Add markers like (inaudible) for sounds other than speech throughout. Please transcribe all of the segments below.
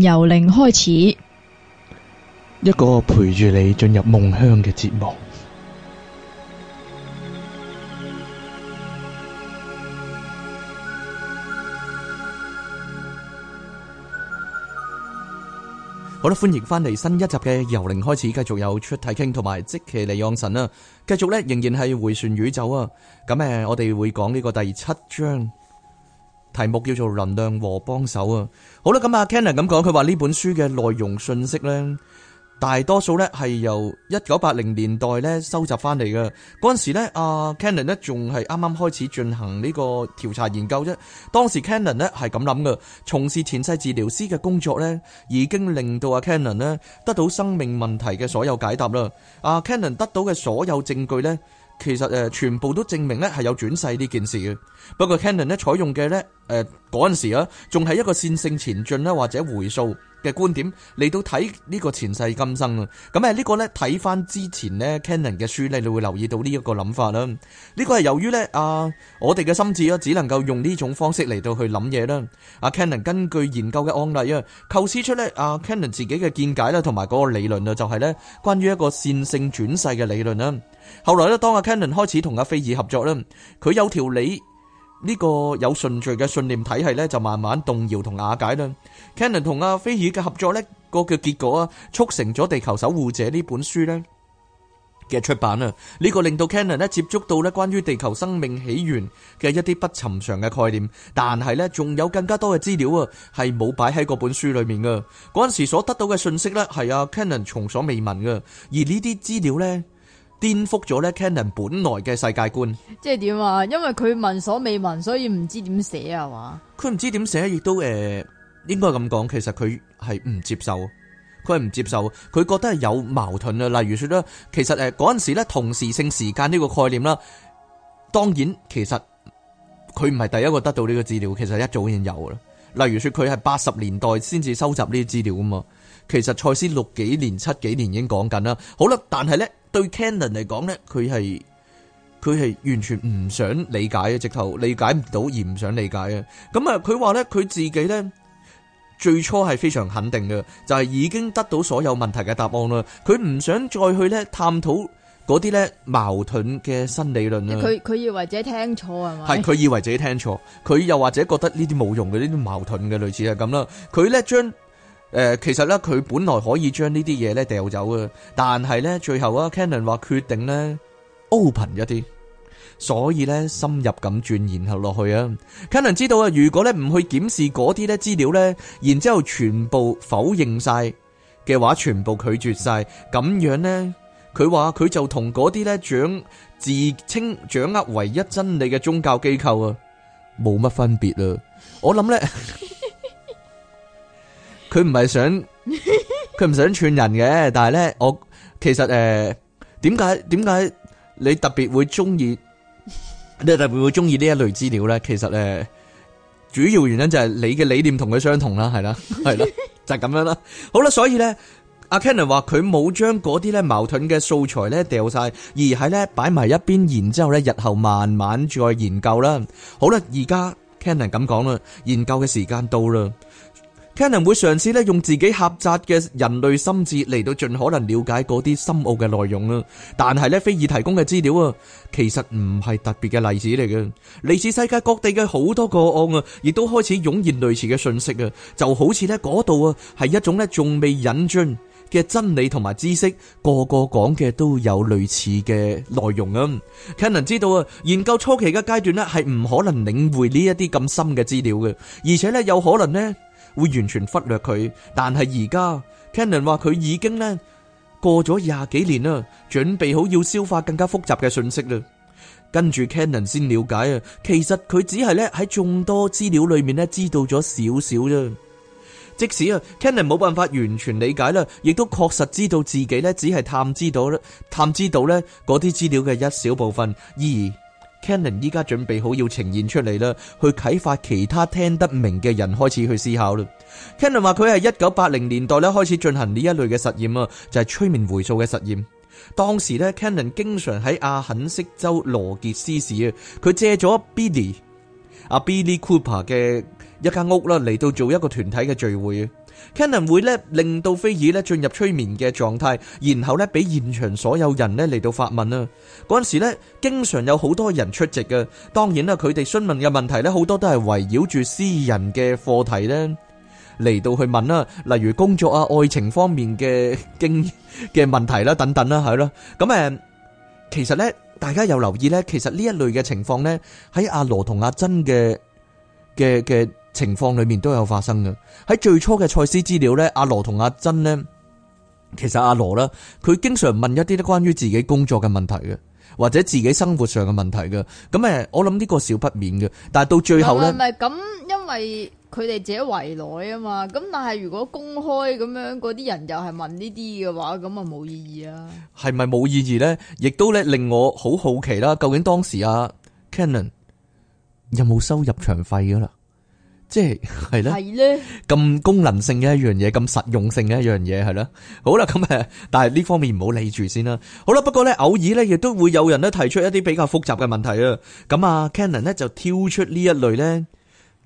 由零開始，一個陪住你進入夢鄉嘅節目。好啦，歡迎翻嚟新一集嘅由零開始，繼續有出體傾同埋即其利昂神啦。繼續呢，仍然係回旋宇宙啊！咁誒，我哋會講呢個第七章。題目叫做能量和幫手啊！好啦，咁阿，Cannon 咁講，佢話呢本書嘅內容信息咧，大多數咧係由一九八零年代咧收集翻嚟嘅嗰陣時咧，阿 Cannon 咧仲係啱啱開始進行呢個調查研究啫。當時 Cannon 咧係咁諗嘅，從事前世治療師嘅工作咧，已經令到阿 Cannon 咧得到生命問題嘅所有解答啦。阿 Cannon 得到嘅所有證據咧。其實誒全部都證明咧係有轉世呢件事嘅，不過 Cannon 咧採用嘅咧誒嗰陣時啊，仲係一個線性前進啦或者回溯嘅觀點嚟到睇呢個前世今生啊，咁誒呢個呢睇翻之前呢 Cannon 嘅書咧，你會留意到呢一個諗法啦。呢、這個係由於呢，啊，我哋嘅心智啊，只能夠用呢種方式嚟到去諗嘢啦。阿、啊、Cannon 根據研究嘅案例啊，構思出呢、啊、阿 Cannon 自己嘅見解啦，同埋嗰個理論啊，就係呢關於一個線性轉世嘅理論啦。後來呢，當阿 Cannon 開始同阿、啊、菲爾合作啦，佢有條理。呢個有順序嘅信念體系咧，就慢慢動搖同瓦解啦。Cannon 同阿菲爾嘅合作呢個嘅結果啊，促成咗《地球守護者》呢本書呢嘅出版啊。呢個令到 Cannon 呢接觸到呢關於地球生命起源嘅一啲不尋常嘅概念，但係呢，仲有更加多嘅資料啊，係冇擺喺嗰本書裏面噶。嗰陣時所得到嘅信息呢，係阿 Cannon 從所未聞噶，而呢啲資料呢。顛覆咗咧，Cannon 本來嘅世界觀，即係點啊？因為佢聞所未聞，所以唔知點寫啊係嘛。佢唔知點寫，亦都誒，應該咁講，其實佢係唔接受，佢係唔接受，佢覺得係有矛盾啊。例如說咧，其實誒嗰陣時咧，同時性時間呢個概念啦，當然其實佢唔係第一個得到呢個資料，其實一早已經有啦。例如說佢係八十年代先至收集呢啲資料啊嘛，其實蔡司六幾年、七幾年已經講緊啦。好啦，但係咧。對 Canon 嚟講咧，佢係佢係完全唔想理解嘅，直頭理解唔到而唔想理解嘅。咁啊，佢話咧，佢自己咧最初係非常肯定嘅，就係已經得到所有問題嘅答案啦。佢唔想再去咧探討嗰啲咧矛盾嘅新理論啊。佢佢以為自己聽錯係嘛？係佢以為自己聽錯，佢又或者覺得呢啲冇用嘅呢啲矛盾嘅類似係咁啦。佢咧將。誒、呃，其實咧，佢本來可以將呢啲嘢咧掉走嘅，但係咧，最後啊，Cannon 話決定咧 open 一啲，所以咧深入咁轉，然後落去啊。Cannon 知道啊，如果咧唔去檢視嗰啲咧資料咧，然之後全部否認晒嘅話，全部拒絕晒，咁樣咧，佢話佢就同嗰啲咧掌自稱掌握唯一真理嘅宗教機構啊，冇乜分別啊，我諗咧。 (laughs) 佢唔係想佢唔想串人嘅，但係咧，我其實誒，點解點解你特別會中意你特別會中意呢一類資料咧？其實誒，主要原因就係你嘅理念同佢相同啦，係啦，係啦，就係咁樣啦。好啦，所以咧，阿 Kenner 話佢冇將嗰啲咧矛盾嘅素材咧掉晒，而係咧擺埋一邊，然之後咧日後慢慢再研究啦。好啦，而家 Kenner 咁講啦，研究嘅時間到啦。Ken 會嘗試咧用自己狹窄嘅人類心智嚟到盡可能了解嗰啲深奧嘅內容啦，但係咧非爾提供嘅資料啊，其實唔係特別嘅例子嚟嘅，嚟自世界各地嘅好多個案啊，亦都開始湧現類似嘅訊息啊，就好似咧嗰度啊係一種咧仲未引進嘅真理同埋知識，個個講嘅都有類似嘅內容啊。Ken 知道啊，研究初期嘅階段咧係唔可能領會呢一啲咁深嘅資料嘅，而且咧有可能呢。會完全忽略佢，但係而家 Cannon 話佢已經咧過咗廿幾年啦，準備好要消化更加複雜嘅信息啦。跟住 Cannon 先了解啊，其實佢只係咧喺眾多資料裏面咧知道咗少少啫。即使啊 Cannon 冇辦法完全理解啦，亦都確實知道自己咧只係探知到咧探知到呢嗰啲資料嘅一小部分而。Cannon 依家準備好要呈現出嚟啦，去啟發其他聽得明嘅人開始去思考啦。Cannon 話佢係一九八零年代咧開始進行呢一類嘅實驗啊，就係催眠回溯嘅實驗。當時咧，Cannon 經常喺阿肯色州羅傑斯市啊，佢借咗 Billy 阿 Billy Cooper 嘅一間屋啦，嚟到做一個團體嘅聚會啊。Canon 會咧令到菲爾咧進入催眠嘅狀態，然後咧俾現場所有人咧嚟到發問啦。嗰陣時咧，經常有好多人出席嘅。當然啦，佢哋詢問嘅問題咧，好多都係圍繞住私人嘅課題咧嚟到去問啦，例如工作啊、愛情方面嘅經嘅問題啦等等啦，係咯。咁誒，其實咧，大家有留意咧，其實呢一類嘅情況咧，喺阿羅同阿珍嘅嘅嘅情況裏面都有發生嘅，喺最初嘅賽斯資料咧，阿羅同阿珍咧，其實阿羅咧，佢經常問一啲關於自己工作嘅問題嘅，或者自己生活上嘅問題嘅，咁誒，我諗呢個少不免嘅，但係到最後咧，唔係咁，因為佢哋自己圍內啊嘛，咁但係如果公開咁樣，嗰啲人又係問呢啲嘅話，咁啊冇意義啊，係咪冇意義咧？亦都咧令我好好奇啦，究竟當時阿 Cannon 有冇收入場費噶啦？即係係咧，咁功能性嘅一樣嘢，咁實用性嘅一樣嘢，係咯。好啦，咁誒，但係呢方面唔好理住先啦。好啦，不過咧，偶爾咧，亦都會有人咧提出一啲比較複雜嘅問題啊。咁啊，Cannon 咧就挑出呢一類咧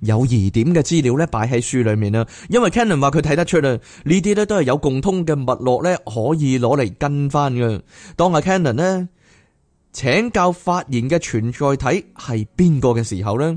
有疑點嘅資料咧擺喺書裏面啦。因為 Cannon 話佢睇得出啊，呢啲咧都係有共通嘅脈絡咧，可以攞嚟跟翻嘅。當阿 Cannon 咧請教發言嘅存在體係邊個嘅時候咧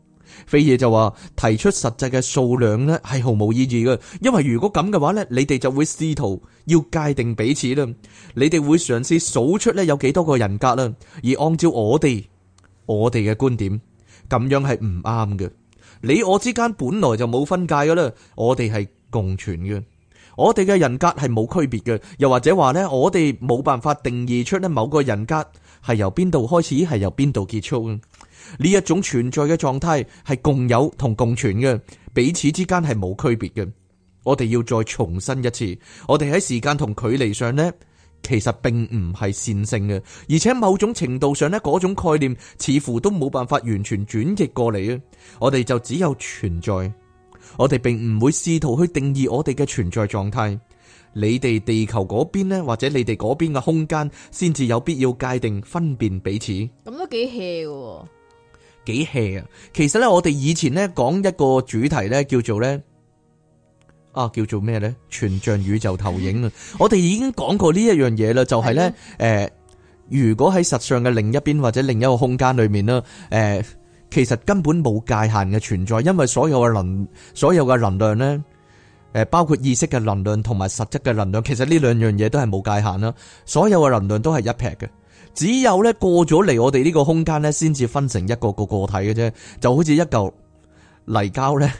非嘢就話，提出實際嘅數量呢係毫無意義嘅，因為如果咁嘅話呢，你哋就會試圖要界定彼此啦，你哋會嘗試數出呢有幾多個人格啦，而按照我哋我哋嘅觀點，咁樣係唔啱嘅。你我之間本來就冇分界噶啦，我哋係共存嘅，我哋嘅人格係冇區別嘅，又或者話呢，我哋冇辦法定義出呢某個人格係由邊度開始，係由邊度結束嘅。呢一種存在嘅狀態係共有同共存嘅，彼此之間係冇區別嘅。我哋要再重申一次，我哋喺時間同距離上呢，其實並唔係線性嘅，而且某種程度上呢，嗰種概念似乎都冇辦法完全轉譯過嚟啊。我哋就只有存在，我哋並唔會試圖去定義我哋嘅存在狀態。你哋地球嗰邊呢，或者你哋嗰邊嘅空間，先至有必要界定分辨彼此。咁都幾氣幾氣啊！其實咧，我哋以前咧講一個主題咧，叫做咧啊，叫做咩咧？全像宇宙投影啊！我哋已經講過呢一樣嘢啦，就係咧，誒，如果喺實相嘅另一邊或者另一個空間裏面啦，誒，其實根本冇界限嘅存在，因為所有嘅能，所有嘅能量咧，誒，包括意識嘅能量同埋實質嘅能量，其實呢兩樣嘢都係冇界限啦，所有嘅能量都係一劈嘅。只有咧過咗嚟我哋呢個空間咧，先至分成一個個個體嘅啫，就好似一嚿泥膠咧。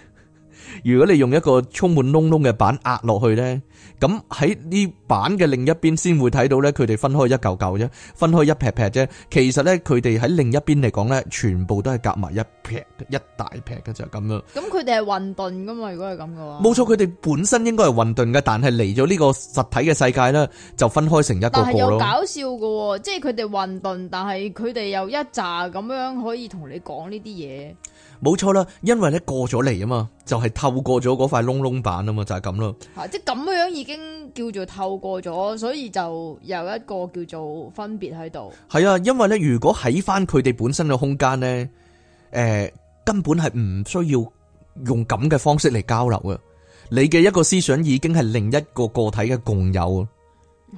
如果你用一個充滿窿窿嘅板壓落去呢，咁喺呢板嘅另一邊先會睇到呢，佢哋分開一嚿嚿啫，分開一劈劈啫。其實呢，佢哋喺另一邊嚟講呢，全部都係夾埋一劈一大劈嘅就咁啦。咁佢哋係混沌噶嘛？如果係咁嘅話，冇錯，佢哋本身應該係混沌嘅，但係嚟咗呢個實體嘅世界呢，就分開成一個個咯。但係有搞笑嘅，即係佢哋混沌，但係佢哋又一紮咁樣可以同你講呢啲嘢。冇錯啦，因為咧過咗嚟啊嘛，就係透過咗嗰塊窿窿板啊嘛，就係咁咯。吓，即係咁樣已經叫做透過咗，所以就有一個叫做分別喺度。係啊，因為咧，如果喺翻佢哋本身嘅空間咧，誒，根本係唔需要用咁嘅方式嚟交流嘅。你嘅一個思想已經係另一個個體嘅共有，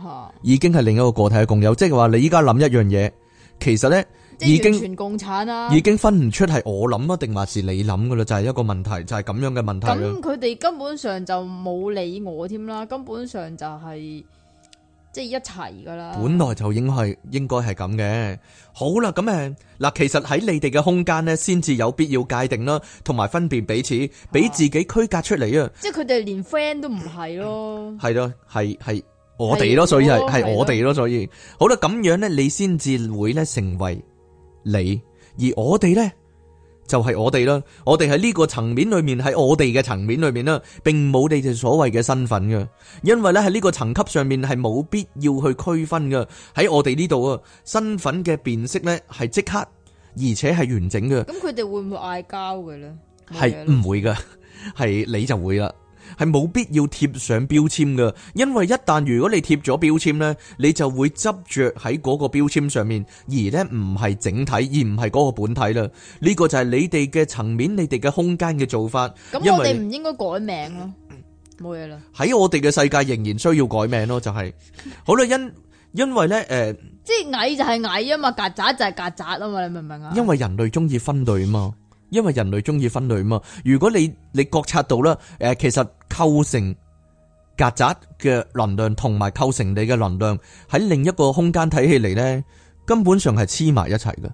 吓，已經係另一個個體嘅共有。即係話你依家諗一樣嘢，其實咧，即係完全共產啊！已經分唔出係我諗啊，定還是你諗噶啦，就係一個問題，就係咁樣嘅問題。咁佢哋根本上就冇理我添啦，根本上就係即係一齊噶啦。本來就應該係應該係咁嘅。好啦，咁誒嗱，其實喺你哋嘅空間咧，先至有必要界定啦，同埋分辨彼此，俾自己區隔出嚟啊！即係佢哋連 friend 都唔係咯，係咯，係係我哋咯，所以係係我哋咯，所以好啦，咁樣咧，你先至會咧成為。你而我哋呢就係我哋啦，我哋喺呢個層面裏面，喺我哋嘅層面裏面啦，並冇你哋所謂嘅身份嘅，因為呢喺呢個層級上面係冇必要去區分嘅，喺我哋呢度啊，身份嘅辨識呢係即刻而且係完整嘅。咁佢哋會唔會嗌交嘅咧？係唔會嘅，係你就會啦。係冇必要貼上標籤㗎，因為一旦如果你貼咗標籤咧，你就會執着喺嗰個標籤上面，而咧唔係整體，而唔係嗰個本體啦。呢個就係你哋嘅層面，你哋嘅空間嘅做法。咁我哋唔應該改名咯，冇嘢啦。喺我哋嘅世界仍然需要改名咯，就係好啦，因因為咧，誒，即係矮就係矮啊嘛，曱甴就係曱甴啊嘛，你明唔明啊？因為人類中意分類啊嘛，因為人類中意分類啊嘛。如果你你覺察到啦，誒，其實。構成曱甴嘅能量同埋構成你嘅能量喺另一個空間睇起嚟呢，根本上係黐埋一齊嘅。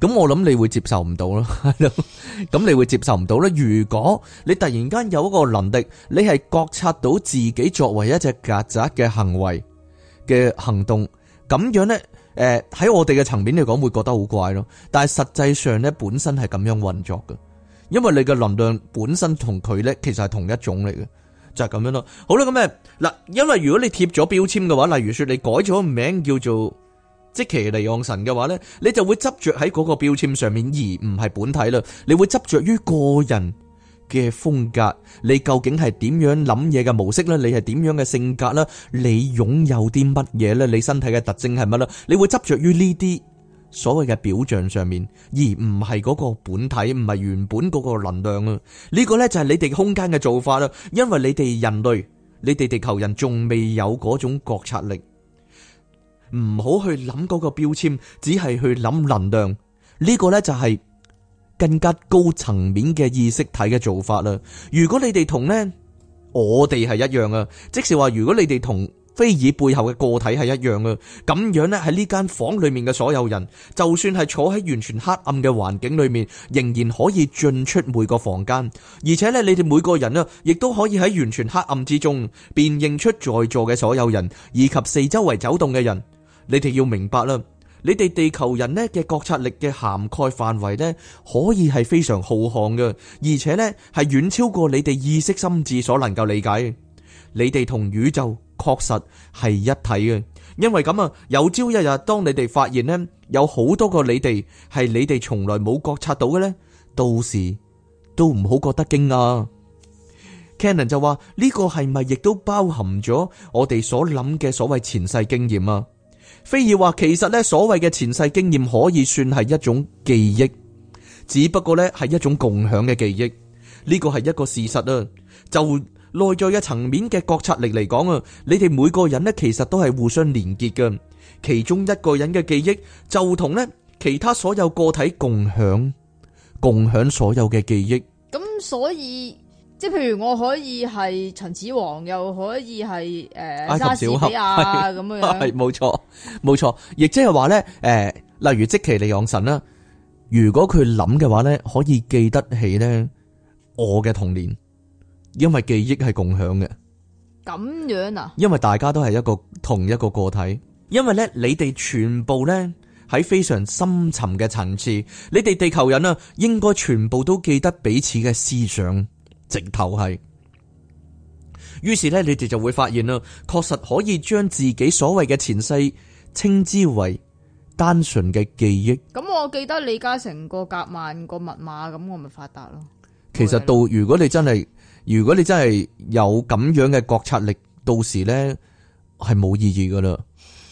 咁我諗你會接受唔到囉，咁 (laughs) 你會接受唔到咧。如果你突然間有一個能力，你係覺察到自己作為一隻曱甴嘅行為嘅行動，咁樣呢，誒、呃、喺我哋嘅層面嚟講會覺得好怪咯。但係實際上呢，本身係咁樣運作嘅。因為你嘅能量本身同佢呢，其實係同一種嚟嘅，就係咁樣咯。好啦，咁咩？嗱，因為如果你貼咗標籤嘅話，例如說你改咗名叫做即其利昂神嘅話呢，你就會執着喺嗰個標籤上面，而唔係本體啦。你會執着於個人嘅風格，你究竟係點樣諗嘢嘅模式呢？你係點樣嘅性格呢？你擁有啲乜嘢呢？你身體嘅特徵係乜呢？你會執着於呢啲。所謂嘅表象上面，而唔係嗰個本體，唔係原本嗰個能量啊！呢個呢，就係你哋空間嘅做法啦，因為你哋人類，你哋地球人仲未有嗰種覺察力，唔好去諗嗰個標籤，只係去諗能量。呢個呢，就係更加高層面嘅意識體嘅做法啦。如果你哋同呢，我哋係一樣啊，即是話如果你哋同，菲爾背後嘅個體係一樣嘅，咁樣呢，喺呢間房裏面嘅所有人，就算係坐喺完全黑暗嘅環境裏面，仍然可以進出每個房間，而且呢，你哋每個人呢，亦都可以喺完全黑暗之中辨認出在座嘅所有人以及四周圍走動嘅人。你哋要明白啦，你哋地球人呢嘅覺察力嘅涵蓋範圍呢，可以係非常浩瀚嘅，而且呢，係遠超過你哋意識心智所能夠理解。你哋同宇宙確實係一體嘅，因為咁啊，有朝一日當你哋發現呢，有好多個你哋係你哋從來冇覺察到嘅呢，到時都唔好覺得驚啊！Cannon 就話呢個係咪亦都包含咗我哋所諗嘅所謂前世經驗啊？菲爾話其實呢所謂嘅前世經驗可以算係一種記憶，只不過呢係一種共享嘅記憶，呢個係一個事實啊！就內在嘅層面嘅覺察力嚟講啊，你哋每個人咧其實都係互相連結嘅，其中一個人嘅記憶就同咧其他所有個體共享，共享所有嘅記憶。咁所以即係譬如我可以係秦始皇，又可以係誒沙士比亞啊咁是樣，係冇錯冇錯，亦即係話呢，誒、呃，例如即其利昂神啦，如果佢諗嘅話呢，可以記得起呢我嘅童年。因為記憶係共享嘅，咁樣啊？因為大家都係一個同一個個體，因為咧，你哋全部咧喺非常深沉嘅層次，你哋地球人啊，應該全部都記得彼此嘅思想，直頭係。於是咧，你哋就會發現啦，確實可以將自己所謂嘅前世稱之為單純嘅記憶。咁我記得李嘉誠個夾萬個密碼，咁我咪發達咯。其實到如果你真係。如果你真係有咁樣嘅覺察力，到時咧係冇意義噶啦。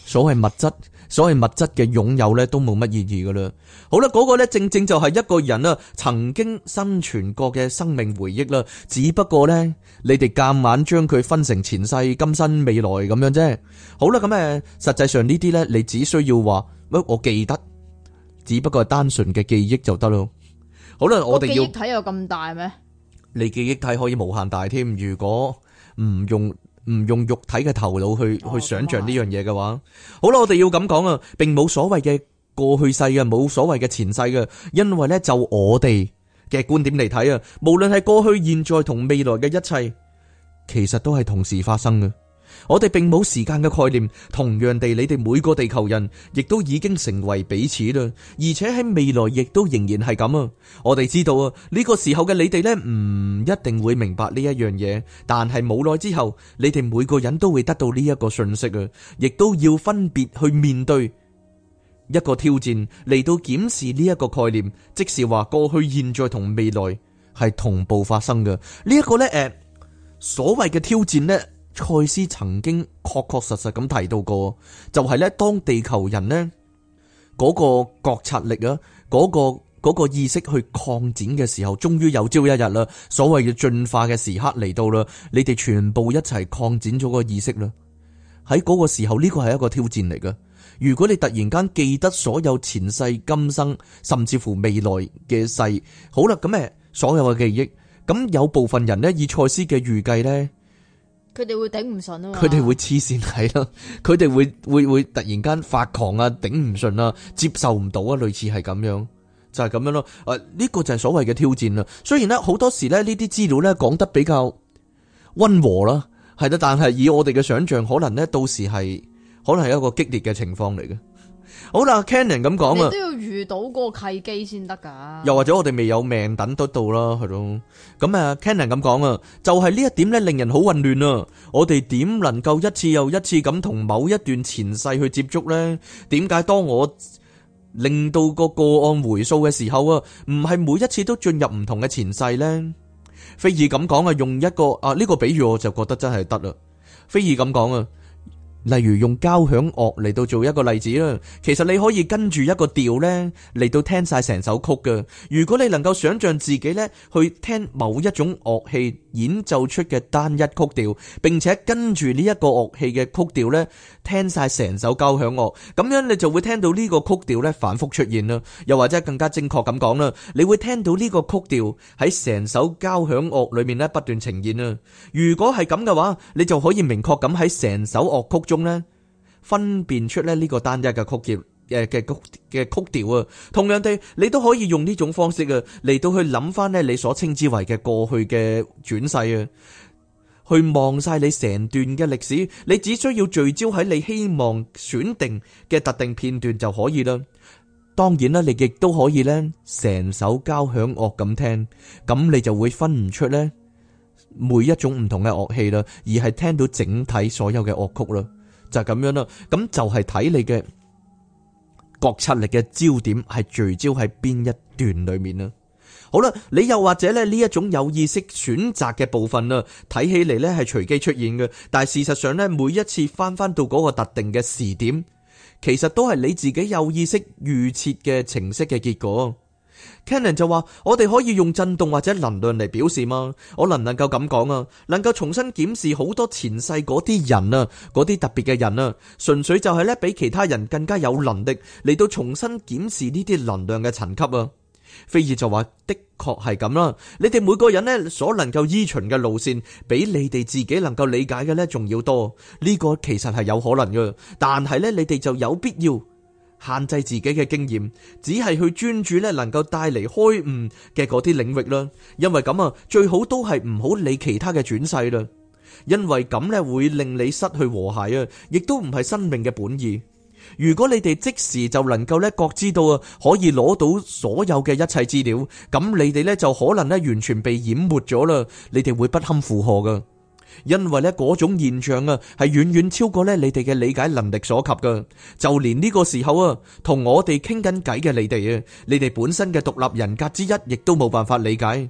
所謂物質，所謂物質嘅擁有咧都冇乜意義噶啦。好啦，嗰個咧正正就係一個人啦，曾經生存過嘅生命回憶啦。只不過咧，你哋夾硬將佢分成前世、今生、未來咁樣啫。好啦，咁誒，實際上呢啲咧，你只需要話乜，我記得，只不過係單純嘅記憶就得咯。好啦，我哋要睇有咁大咩？你嘅記憶體可以無限大添，如果唔用唔用肉體嘅頭腦去、哦、去想像呢樣嘢嘅話，白好啦，我哋要咁講啊，並冇所謂嘅過去世嘅，冇所謂嘅前世嘅，因為呢，就我哋嘅觀點嚟睇啊，無論係過去、現在同未來嘅一切，其實都係同時發生嘅。我哋並冇時間嘅概念，同樣地，你哋每個地球人亦都已經成為彼此啦，而且喺未來亦都仍然係咁啊！我哋知道啊，呢個時候嘅你哋呢，唔一定會明白呢一樣嘢，但係冇耐之後，你哋每個人都會得到呢一個信息啊，亦都要分別去面對一個挑戰嚟到檢視呢一個概念，即是話，過去、現在同未來係同步發生嘅呢一個呢，誒，所謂嘅挑戰呢。賽斯曾經確確實實咁提到過，就係、是、咧當地球人呢嗰個覺察力啊，嗰、那個、那個意識去擴展嘅時候，終於有朝一日啦，所謂嘅進化嘅時刻嚟到啦，你哋全部一齊擴展咗個意識啦。喺嗰個時候，呢個係一個挑戰嚟噶。如果你突然間記得所有前世今生，甚至乎未來嘅世，好啦，咁誒所有嘅記憶，咁有部分人呢，以賽斯嘅預計呢。佢哋會頂唔順咯，佢哋會黐線係咯，佢哋會會會突然間發狂啊，頂唔順啊，接受唔到啊，類似係咁樣，就係、是、咁樣咯。誒、呃，呢、這個就係所謂嘅挑戰啦。雖然咧好多時咧呢啲資料咧講得比較溫和啦，係啦，但係以我哋嘅想象，可能咧到時係可能係一個激烈嘅情況嚟嘅。好啦，Cannon 咁講啊，都要遇到個契機先得噶。又或者我哋未有命等得到啦，係咯。咁啊，Cannon 咁講啊，就係呢一點咧，令人好混亂啊。我哋點能夠一次又一次咁同某一段前世去接觸呢？點解當我令到個個案回溯嘅時候啊，唔係每一次都進入唔同嘅前世呢？菲爾咁講啊，用一個啊呢個比喻我就覺得真係得啦。菲爾咁講啊。例如用交響樂嚟到做一個例子啦，其實你可以跟住一個調咧嚟到聽晒成首曲嘅。如果你能夠想象自己咧去聽某一種樂器演奏出嘅單一曲調，並且跟住呢一個樂器嘅曲調咧聽晒成首交響樂，咁樣你就會聽到呢個曲調咧反覆出現啦。又或者更加精確咁講啦，你會聽到呢個曲調喺成首交響樂裏面咧不斷呈現啦。如果係咁嘅話，你就可以明確咁喺成首樂曲中咧分辨出咧呢個單一嘅曲調誒嘅曲嘅曲調啊，同樣地你都可以用呢種方式啊嚟到去諗翻咧你所稱之為嘅過去嘅轉世啊，去望晒你成段嘅歷史，你只需要聚焦喺你希望選定嘅特定片段就可以啦。當然啦，你亦都可以咧成首交響樂咁聽，咁你就會分唔出呢每一種唔同嘅樂器啦，而係聽到整體所有嘅樂曲啦。就咁樣啦，咁就係、是、睇你嘅覺察力嘅焦點係聚焦喺邊一段裏面啦。好啦，你又或者咧呢一種有意識選擇嘅部分啦，睇起嚟咧係隨機出現嘅，但係事實上咧每一次翻翻到嗰個特定嘅時點，其實都係你自己有意識預設嘅程式嘅結果。Cannon 就話：我哋可以用震動或者能量嚟表示嗎？我能唔能夠咁講啊？能夠重新檢視好多前世嗰啲人啊，嗰啲特別嘅人啊，純粹就係咧比其他人更加有能力嚟到重新檢視呢啲能量嘅層級啊。菲爾就話：的確係咁啦，你哋每個人呢，所能夠依循嘅路線，比你哋自己能夠理解嘅呢仲要多。呢個其實係有可能嘅，但係呢，你哋就有必要。限制自己嘅經驗，只係去專注咧，能夠帶嚟開悟嘅嗰啲領域啦。因為咁啊，最好都係唔好理其他嘅轉世啦。因為咁呢會令你失去和諧啊，亦都唔係生命嘅本意。如果你哋即時就能夠咧，覺知到啊，可以攞到所有嘅一切資料，咁你哋呢就可能呢完全被淹沒咗啦，你哋會不堪負荷噶。因為咧，嗰種現象啊，係遠遠超過咧你哋嘅理解能力所及㗎，就連呢個時候啊，同我哋傾緊偈嘅你哋啊，你哋本身嘅獨立人格之一，亦都冇辦法理解。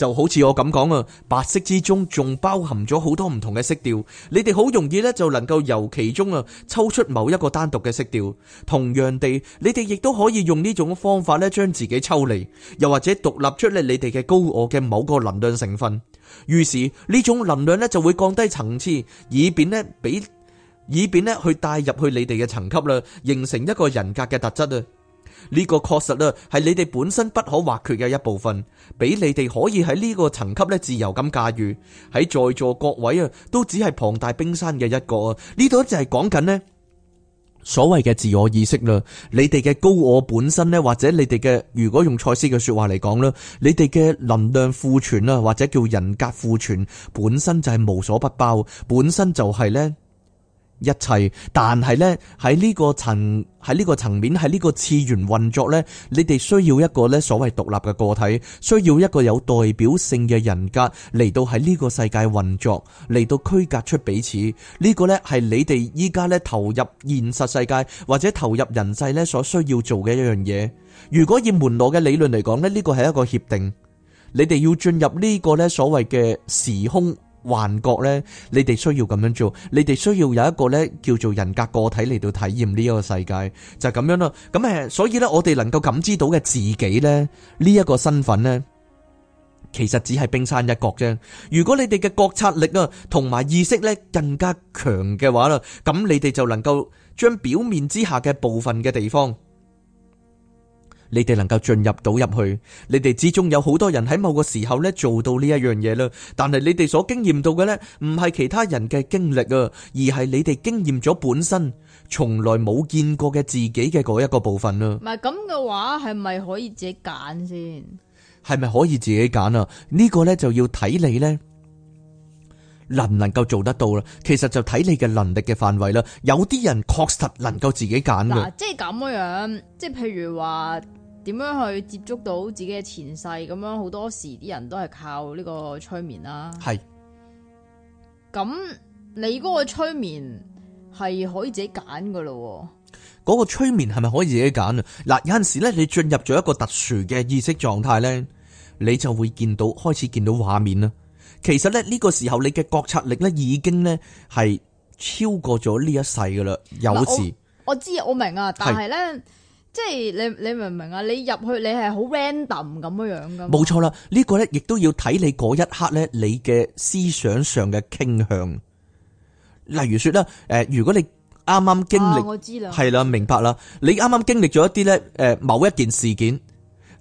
就好似我咁講啊，白色之中仲包含咗好多唔同嘅色調，你哋好容易咧就能夠由其中啊抽出某一個單獨嘅色調。同樣地，你哋亦都可以用呢種方法咧將自己抽離，又或者獨立出嚟你哋嘅高我嘅某個能量成分。於是呢種能量咧就會降低層次，以便呢，俾以便呢去帶入去你哋嘅層級啦，形成一個人格嘅特質啊。呢個確實啦，係你哋本身不可或缺嘅一部分，俾你哋可以喺呢個層級咧自由咁駕馭。喺在，在座各位啊，都只係龐大冰山嘅一個。呢度就係講緊呢所謂嘅自我意識啦，你哋嘅高我本身呢，或者你哋嘅如果用賽斯嘅說話嚟講啦，你哋嘅能量庫存啦，或者叫人格庫存，本身就係無所不包，本身就係呢。一切，但係呢，喺呢個層喺呢個層面喺呢個次元運作呢，你哋需要一個咧所謂獨立嘅個體，需要一個有代表性嘅人格嚟到喺呢個世界運作，嚟到區隔出彼此。呢個呢，係你哋依家咧投入現實世界或者投入人世咧所需要做嘅一樣嘢。如果以門羅嘅理論嚟講咧，呢個係一個協定，你哋要進入個呢個咧所謂嘅時空。幻覺呢，你哋需要咁樣做，你哋需要有一個呢叫做人格個體嚟到體驗呢一個世界，就係咁樣啦。咁誒，所以呢，我哋能夠感知到嘅自己呢，呢一個身份呢，其實只係冰山一角啫。如果你哋嘅覺察力啊，同埋意識呢，更加強嘅話啦，咁你哋就能夠將表面之下嘅部分嘅地方。你哋能夠進入到入去，你哋之中有好多人喺某個時候咧做到呢一樣嘢啦。但係你哋所經驗到嘅咧，唔係其他人嘅經歷啊，而係你哋經驗咗本身從來冇見過嘅自己嘅嗰一個部分啦。唔係咁嘅話，係咪可以自己揀先？係咪可以自己揀啊？呢個咧就要睇你咧能唔能夠做得到啦。其實就睇你嘅能力嘅範圍啦。有啲人確實能夠自己揀啊，即係咁樣，即係譬如話。點樣去接觸到自己嘅前世？咁樣，好多時啲人都係靠呢個催眠啦。係是。咁你嗰個催眠係可以自己揀噶咯？嗰個催眠係咪可以自己揀啊？嗱，有陣時咧，你進入咗一個特殊嘅意識狀態咧，你就會見到開始見到畫面啦。其實咧，呢個時候你嘅覺察力咧已經咧係超過咗呢一世噶啦。有時我，我知我明啊，是但係咧。即係你你明唔明啊？你入去你係好 random 咁樣樣噶冇錯啦，呢個咧亦都要睇你嗰一刻咧，你嘅思想上嘅傾向。例如說咧，誒，如果你啱啱經歷，我知啦，係啦，明白啦。你啱啱經歷咗一啲咧，誒，某一件事件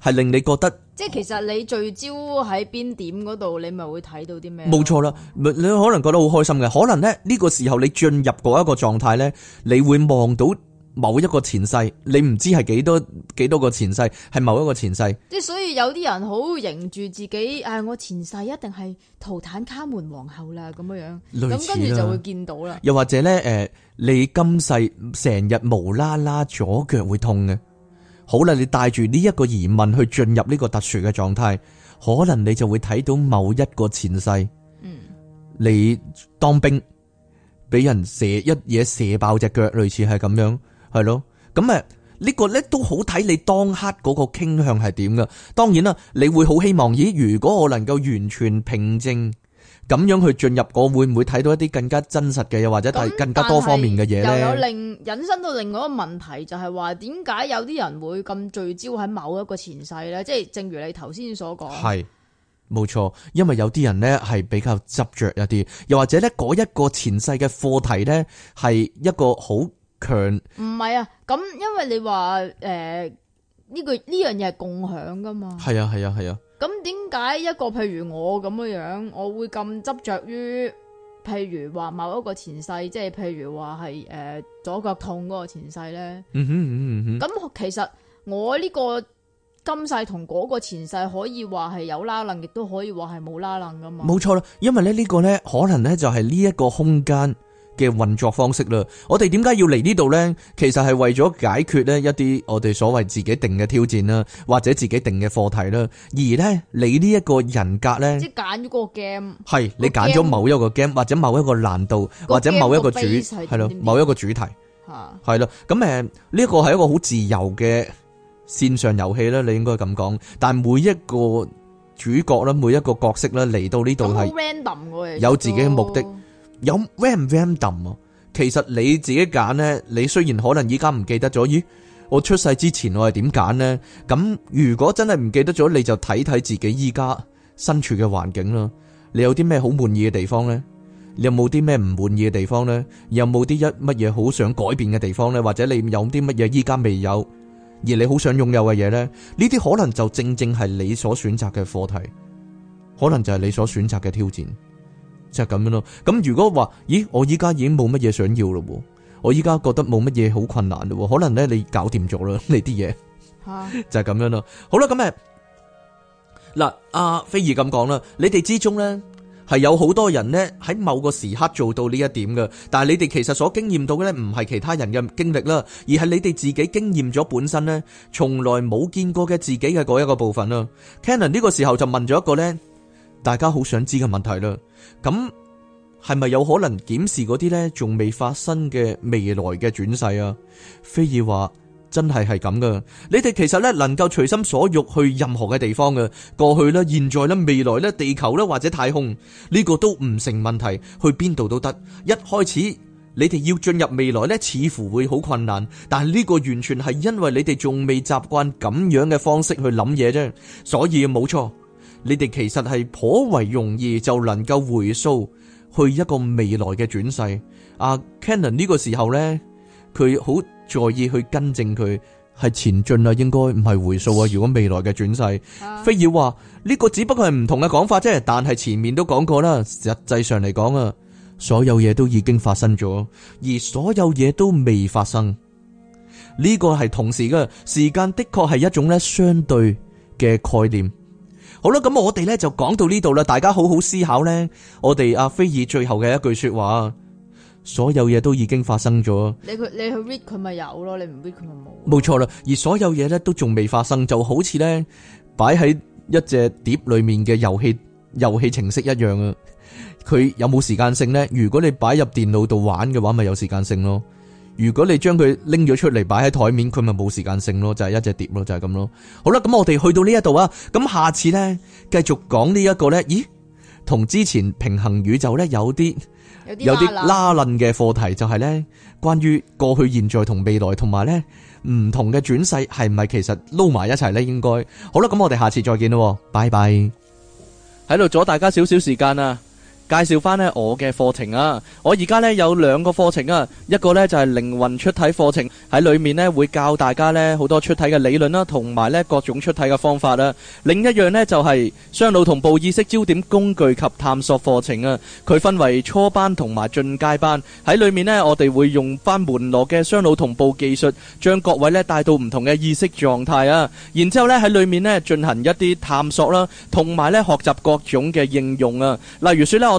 係令你覺得，即係其實你聚焦喺邊點嗰度，你咪會睇到啲咩？冇錯啦，你可能覺得好開心嘅，可能咧呢個時候你進入嗰一個狀態咧，你會望到。某一個前世，你唔知係幾多幾多個前世，係某一個前世。即係所以有啲人好認住自己，係我前世一定係圖坦卡門皇后啦咁樣樣。類似啦。咁跟住就會見到啦。又或者咧，誒、呃，你今世成日無啦啦左腳會痛嘅，好啦，你帶住呢一個疑問去進入呢個特殊嘅狀態，可能你就會睇到某一個前世。嗯。你當兵，俾人射一嘢射，射爆隻腳，類似係咁樣。係咯，咁誒，呢個咧都好睇你當刻嗰個傾向係點噶。當然啦，你會好希望咦，如果我能夠完全平靜咁樣去進入，我會唔會睇到一啲更加真實嘅，又或者係更加多方面嘅嘢咧，又有另引申到另外一個問題就，就係話點解有啲人會咁聚焦喺某一個前世呢？即係正如你頭先所講，係冇錯，因為有啲人呢係比較執着一啲，又或者呢嗰一個前世嘅課題呢係一個好。強唔係啊，咁因為你話誒呢個呢樣嘢係共享噶嘛，係啊係啊係啊。咁點解一個譬如，我咁嘅樣樣，我會咁執着於譬如話某一個前世，即係譬如話係誒左腳痛嗰個前世咧？咁，嗯哼，嗯哼，其實我呢個今世同嗰個前世可以話係有拉楞，亦都可以話係冇拉楞噶嘛？冇錯啦，因為咧呢個咧可能咧就係呢一個空間。嘅運作方式啦，我哋點解要嚟呢度呢？其實係為咗解決呢一啲我哋所謂自己定嘅挑戰啦，或者自己定嘅課題啦。而呢，你呢一個人格呢，即係揀咗個 game，係你揀咗某一個 game 或者某一個難度或者某一個主係咯，某一個主題係咯。咁誒，呢一個係一個好自由嘅線上遊戲啦，你應該咁講。但係每一個主角啦，每一個角色咧，嚟到呢度係 random 嘅，有自己嘅目的。有 random，其實你自己揀呢，你雖然可能依家唔記得咗，咦？我出世之前我係點揀呢？咁如果真係唔記得咗，你就睇睇自己依家身處嘅環境啦。你有啲咩好滿意嘅地方呢？你有冇啲咩唔滿意嘅地方呢？有冇啲一乜嘢好想改變嘅地方呢？或者你有啲乜嘢依家未有，而你好想擁有嘅嘢呢？呢啲可能就正正係你所選擇嘅課題，可能就係你所選擇嘅挑戰。就係咁樣咯，咁如果話，咦，我依家已經冇乜嘢想要咯，我依家覺得冇乜嘢好困難咯，可能咧你搞掂咗啦，呢啲嘢， (laughs) 就係咁樣咯。好啦，咁誒，嗱、啊，阿菲兒咁講啦，你哋之中咧係有好多人咧喺某個時刻做到呢一點嘅，但係你哋其實所經驗到嘅咧唔係其他人嘅經歷啦，而係你哋自己經驗咗本身咧從來冇見過嘅自己嘅嗰一個部分啦。Cannon 呢個時候就問咗一個咧。大家好想知嘅問題啦，咁係咪有可能檢視嗰啲呢？仲未發生嘅未來嘅轉世啊？菲爾話真係係咁噶，你哋其實呢，能夠隨心所欲去任何嘅地方嘅，過去啦、現在啦、未來咧、地球啦或者太空，呢個都唔成問題，去邊度都得。一開始你哋要進入未來呢，似乎會好困難，但係呢個完全係因為你哋仲未習慣咁樣嘅方式去諗嘢啫，所以冇錯。你哋其實係頗為容易就能夠回溯，去一個未來嘅轉世。阿 Canon 呢個時候呢，佢好在意去更正佢係前進啊，應該唔係回溯啊。如果未來嘅轉世，啊、非要話呢個只不過係唔同嘅講法啫。但係前面都講過啦，實際上嚟講啊，所有嘢都已經發生咗，而所有嘢都未發生。呢、這個係同時嘅，時間的確係一種咧相對嘅概念。好啦，咁我哋咧就講到呢度啦，大家好好思考咧。我哋阿菲爾最後嘅一句說話，所有嘢都已經發生咗。你去你去 read 佢咪有咯，你唔 read 佢咪冇。冇錯啦，而所有嘢咧都仲未發生，就好似咧擺喺一隻碟裏面嘅遊戲遊戲程式一樣啊。佢有冇時間性咧？如果你擺入電腦度玩嘅話，咪有時間性咯。如果你將佢拎咗出嚟擺喺台面，佢咪冇時間性咯，就係、是、一隻碟咯，就係咁咯。好啦，咁我哋去到呢一度啊，咁下次呢，繼續講呢一個呢，咦，同之前平行宇宙呢，有啲有啲拉楞嘅課題，就係呢，關於過去、現在同未來，同埋呢唔同嘅轉世係咪其實撈埋一齊呢？應該好啦，咁我哋下次再見咯，拜拜。喺度阻大家少少時間啊！介紹翻咧我嘅課程啊！我而家咧有兩個課程啊，一個咧就係靈魂出體課程，喺裡面咧會教大家咧好多出體嘅理論啦，同埋咧各種出體嘅方法啦。另一樣咧就係雙腦同步意識焦點工具及探索課程啊。佢分為初班同埋進階班，喺裡面咧我哋會用翻門羅嘅雙腦同步技術，將各位咧帶到唔同嘅意識狀態啊。然之後咧喺裡面咧進行一啲探索啦，同埋咧學習各種嘅應用啊。例如説咧我。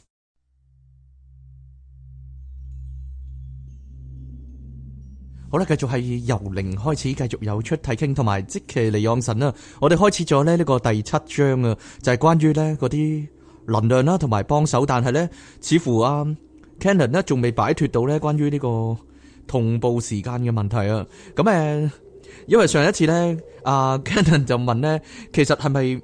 好啦，繼續係由零開始，繼續有出題傾同埋即其嚟養神啦。我哋開始咗呢呢個第七章啊，就係、是、關於呢嗰啲能量啦，同埋幫手。但係呢，似乎啊，Cannon 呢仲未擺脫到呢關於呢個同步時間嘅問題啊。咁、嗯、誒，因為上一次呢阿、啊、Cannon 就問呢其實係咪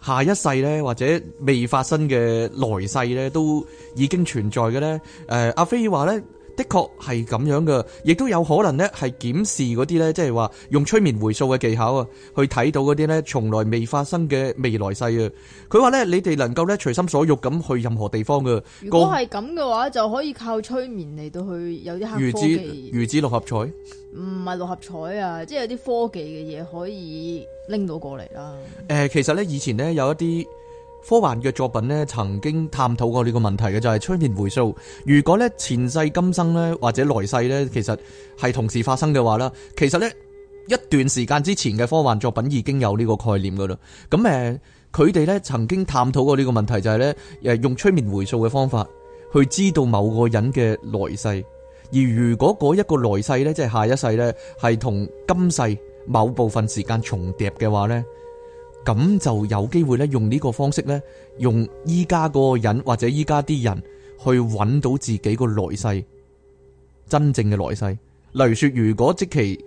下一世呢？或者未發生嘅來世呢？都已經存在嘅呢？啊」誒，阿飛話呢。」的確係咁樣㗎，亦都有可能呢係檢視嗰啲呢，即係話用催眠回溯嘅技巧啊，去睇到嗰啲呢從來未發生嘅未來世啊。佢話呢，你哋能夠呢隨心所欲咁去任何地方噶。如果係咁嘅話，就可以靠催眠嚟到去有啲黑科技。預知預知六合彩？唔係六合彩啊，即係有啲科技嘅嘢可以拎到過嚟啦。誒、呃，其實呢，以前呢有一啲。科幻嘅作品咧，曾經探討過呢個問題嘅就係催眠回溯。如果咧前世今生咧或者來世咧，其實係同時發生嘅話啦，其實咧一段時間之前嘅科幻作品已經有呢個概念噶啦。咁誒，佢哋咧曾經探討過呢個問題，就係咧誒用催眠回溯嘅方法去知道某個人嘅來世。而如果嗰一個來世咧，即係下一世咧，係同今世某部分時間重疊嘅話咧，咁就有機會咧，用呢個方式咧，用依家嗰個人或者依家啲人去揾到自己個來世，真正嘅來世。例如說，如果即期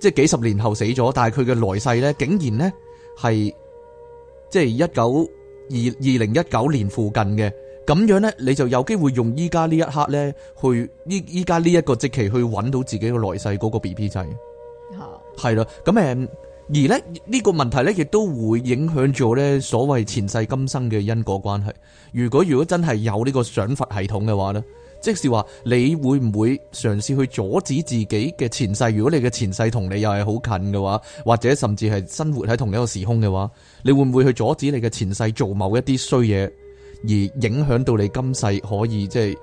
即幾十年後死咗，但係佢嘅來世咧，竟然咧係即係一九二二零一九年附近嘅，咁樣咧，你就有機會用依家呢一刻咧，去依依家呢一個即期去揾到自己個來世嗰個 BB 仔，係啦好，咁誒。而呢，這個問題呢，亦都會影響咗呢所謂前世今生嘅因果關係。如果如果真係有呢個想法系統嘅話呢，即是話你會唔會嘗試去阻止自己嘅前世？如果你嘅前世同你又係好近嘅話，或者甚至係生活喺同一個時空嘅話，你會唔會去阻止你嘅前世做某一啲衰嘢，而影響到你今世可以即係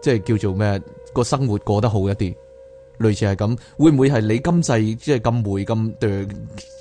即係叫做咩個生活過得好一啲？類似係咁，會唔會係你今世即係咁霉咁？咁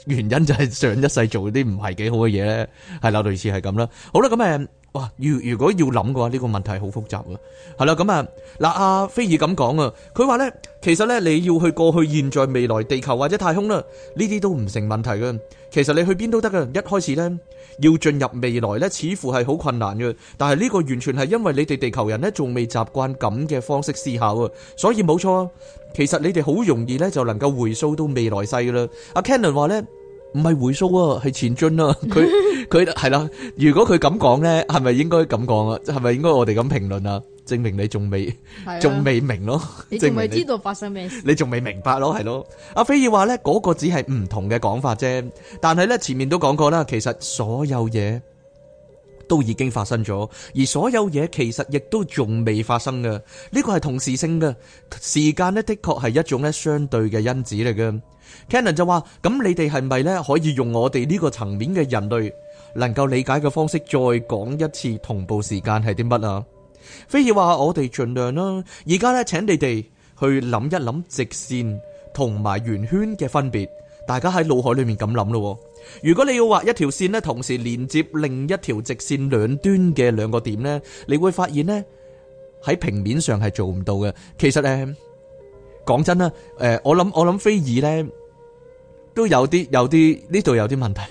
原因就係上一世做啲唔係幾好嘅嘢咧，係啦，類似係咁啦。好啦，咁誒。哇！如如果要諗嘅話，呢個問題係好複雜嘅，係啦咁啊，嗱阿菲爾咁講啊，佢話咧，其實咧你要去過去、現在、未來地球或者太空啦，呢啲都唔成問題嘅。其實你去邊都得噶。一開始咧要進入未來咧，似乎係好困難嘅，但係呢個完全係因為你哋地球人咧仲未習慣咁嘅方式思考啊，所以冇錯啊，其實你哋好容易咧就能夠回溯到未來世噶啦。阿 Cannon 話咧。唔係回縮啊，係前進啊！佢佢係啦，如果佢咁講咧，係咪應該咁講啊？係咪應該我哋咁評論啊？證明你仲未仲未明咯？你仲未知道發生咩？你仲未明白咯？係咯？阿菲爾話咧，嗰個只係唔同嘅講法啫。但係咧，前面都講過啦，其實所有嘢都已經發生咗，而所有嘢其實亦都仲未發生噶。呢個係同時性噶，時間咧的確係一種咧相對嘅因子嚟噶。Cannon 就話：咁你哋係咪咧可以用我哋呢個層面嘅人類能夠理解嘅方式再講一次同步時間係啲乜啊？菲爾話：我哋盡量啦。而家呢，請你哋去諗一諗直線同埋圓圈嘅分別。大家喺腦海裏面咁諗咯。如果你要畫一條線呢，同時連接另一條直線兩端嘅兩個點呢，你會發現呢，喺平面上係做唔到嘅。其實呢，講真啦，誒，我諗我諗菲爾呢……」都有啲有啲呢度有啲問題，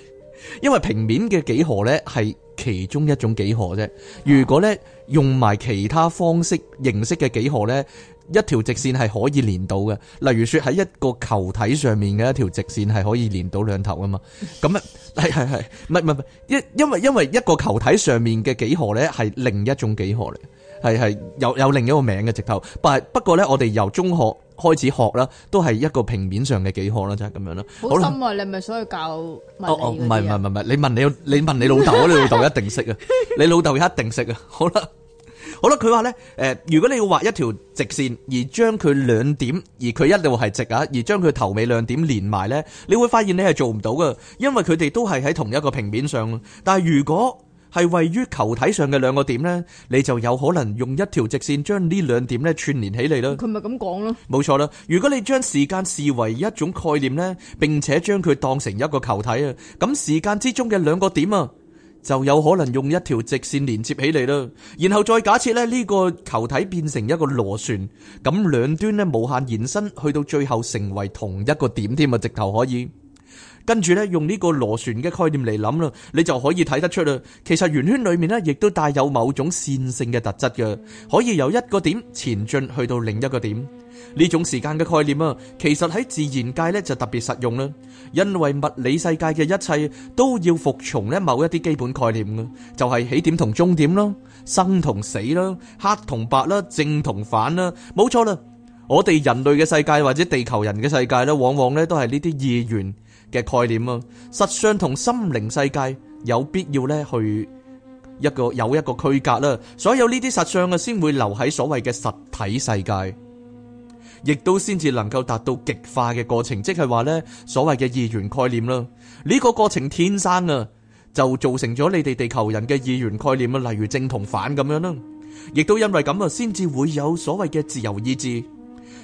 因為平面嘅幾何咧係其中一種幾何啫。如果咧用埋其他方式形式嘅幾何咧，一條直線係可以連到嘅。例如說喺一個球體上面嘅一條直線係可以連到兩頭噶嘛。咁啊係係係，唔係唔係，因因為因為一個球體上面嘅幾何咧係另一種幾何嚟，係係有有另一個名嘅直頭。但不過咧，我哋由中學。開始學啦，都係一個平面上嘅幾何啦，就係咁樣啦。啊、好心了啦，你咪所以教物理，哦？哦唔係唔係唔係，你問你你問你老豆， (laughs) 你老豆一定識啊，你老豆一定識啊。好啦好啦，佢話咧，誒，如果你要畫一條直線，而將佢兩點，而佢一定係直啊，而將佢頭尾兩點連埋咧，你會發現你係做唔到噶，因為佢哋都係喺同一個平面上。但係如果係位於球體上嘅兩個點呢，你就有可能用一條直線將呢兩點咧串連起嚟，啦。佢咪咁講咯？冇錯啦。如果你將時間視為一種概念呢，並且將佢當成一個球體啊，咁時間之中嘅兩個點啊，就有可能用一條直線連接起嚟啦。然後再假設咧，呢個球體變成一個螺旋，咁兩端呢無限延伸，去到最後成為同一個點添啊，直頭可以。跟住咧，用呢個螺旋嘅概念嚟諗啦，你就可以睇得出啦。其實圓圈裏面咧，亦都帶有某種線性嘅特質嘅，可以由一個點前進去到另一個點。呢種時間嘅概念啊。其實喺自然界咧就特別實用啦，因為物理世界嘅一切都要服從咧某一啲基本概念嘅，就係、是、起點同終點啦，生同死啦，黑同白啦，正同反啦，冇錯啦。我哋人類嘅世界或者地球人嘅世界咧，往往咧都係呢啲二元。嘅概念咯，實相同心靈世界有必要咧去一個有一個區隔啦。所有呢啲實相啊，先會留喺所謂嘅實體世界，亦都先至能夠達到極化嘅過程。即係話呢，所謂嘅二元概念啦，呢、這個過程天生啊就造成咗你哋地球人嘅二元概念啊，例如正同反咁樣啦。亦都因為咁啊，先至會有所謂嘅自由意志，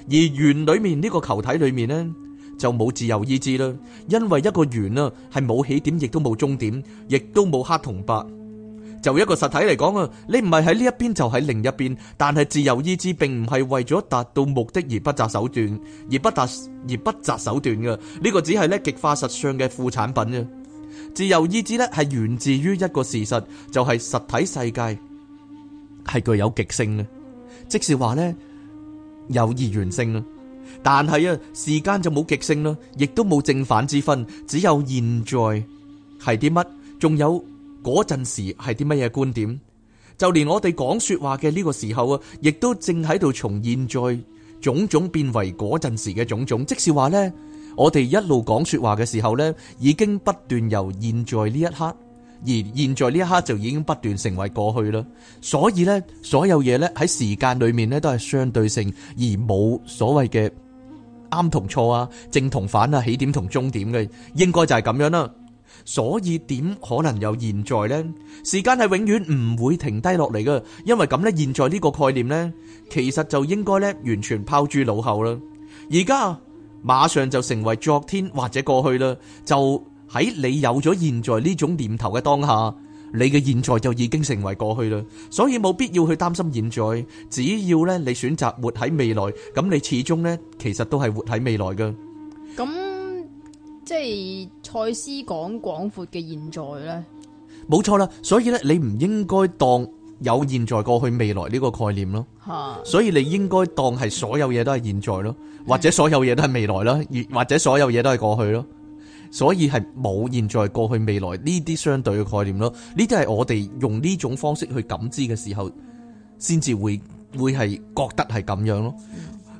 而圓裏面呢、這個球體裏面呢。就冇自由意志啦，因為一個圓啦係冇起點，亦都冇終點，亦都冇黑同白。就一個實體嚟講啊，你唔係喺呢一邊就喺另一邊。但係自由意志並唔係為咗達到目的而不擇手段，而不達而不擇手段嘅呢個只係咧極化實相嘅副產品啫。自由意志咧係源自於一個事實，就係、是、實體世界係具有極性咧，即是話咧有二元性啦。但係啊，時間就冇極性啦，亦都冇正反之分，只有現在係啲乜，仲有嗰陣時係啲乜嘢觀點，就連我哋講說話嘅呢個時候啊，亦都正喺度從現在種種變為嗰陣時嘅種種。即是話呢，我哋一路講說話嘅時候呢，已經不斷由現在呢一刻，而現在呢一刻就已經不斷成為過去啦。所以呢，所有嘢呢，喺時間裏面呢，都係相對性，而冇所謂嘅。啱同錯啊，正同反啊，起點同終點嘅，應該就係咁樣啦。所以點可能有現在呢？時間係永遠唔會停低落嚟㗎，因為咁呢，現在呢個概念呢，其實就應該呢，完全拋諸腦後啦。而家馬上就成為昨天或者過去啦。就喺你有咗現在呢種念頭嘅當下。你嘅現在就已經成為過去嘞，所以冇必要去擔心現在。只要咧你選擇活喺未來，咁你始終咧其實都係活喺未來噶。咁即係蔡斯講廣闊嘅現在咧，冇錯啦。所以咧你唔應該當有現在、過去、未來呢個概念咯。嚇！所以你應該當係所有嘢都係現在咯，或者所有嘢都係未來咯，而或者所有嘢都係過去咯。所以係冇現在、過去、未來呢啲相對嘅概念咯。呢啲係我哋用呢種方式去感知嘅時候，先至會會係覺得係咁樣咯。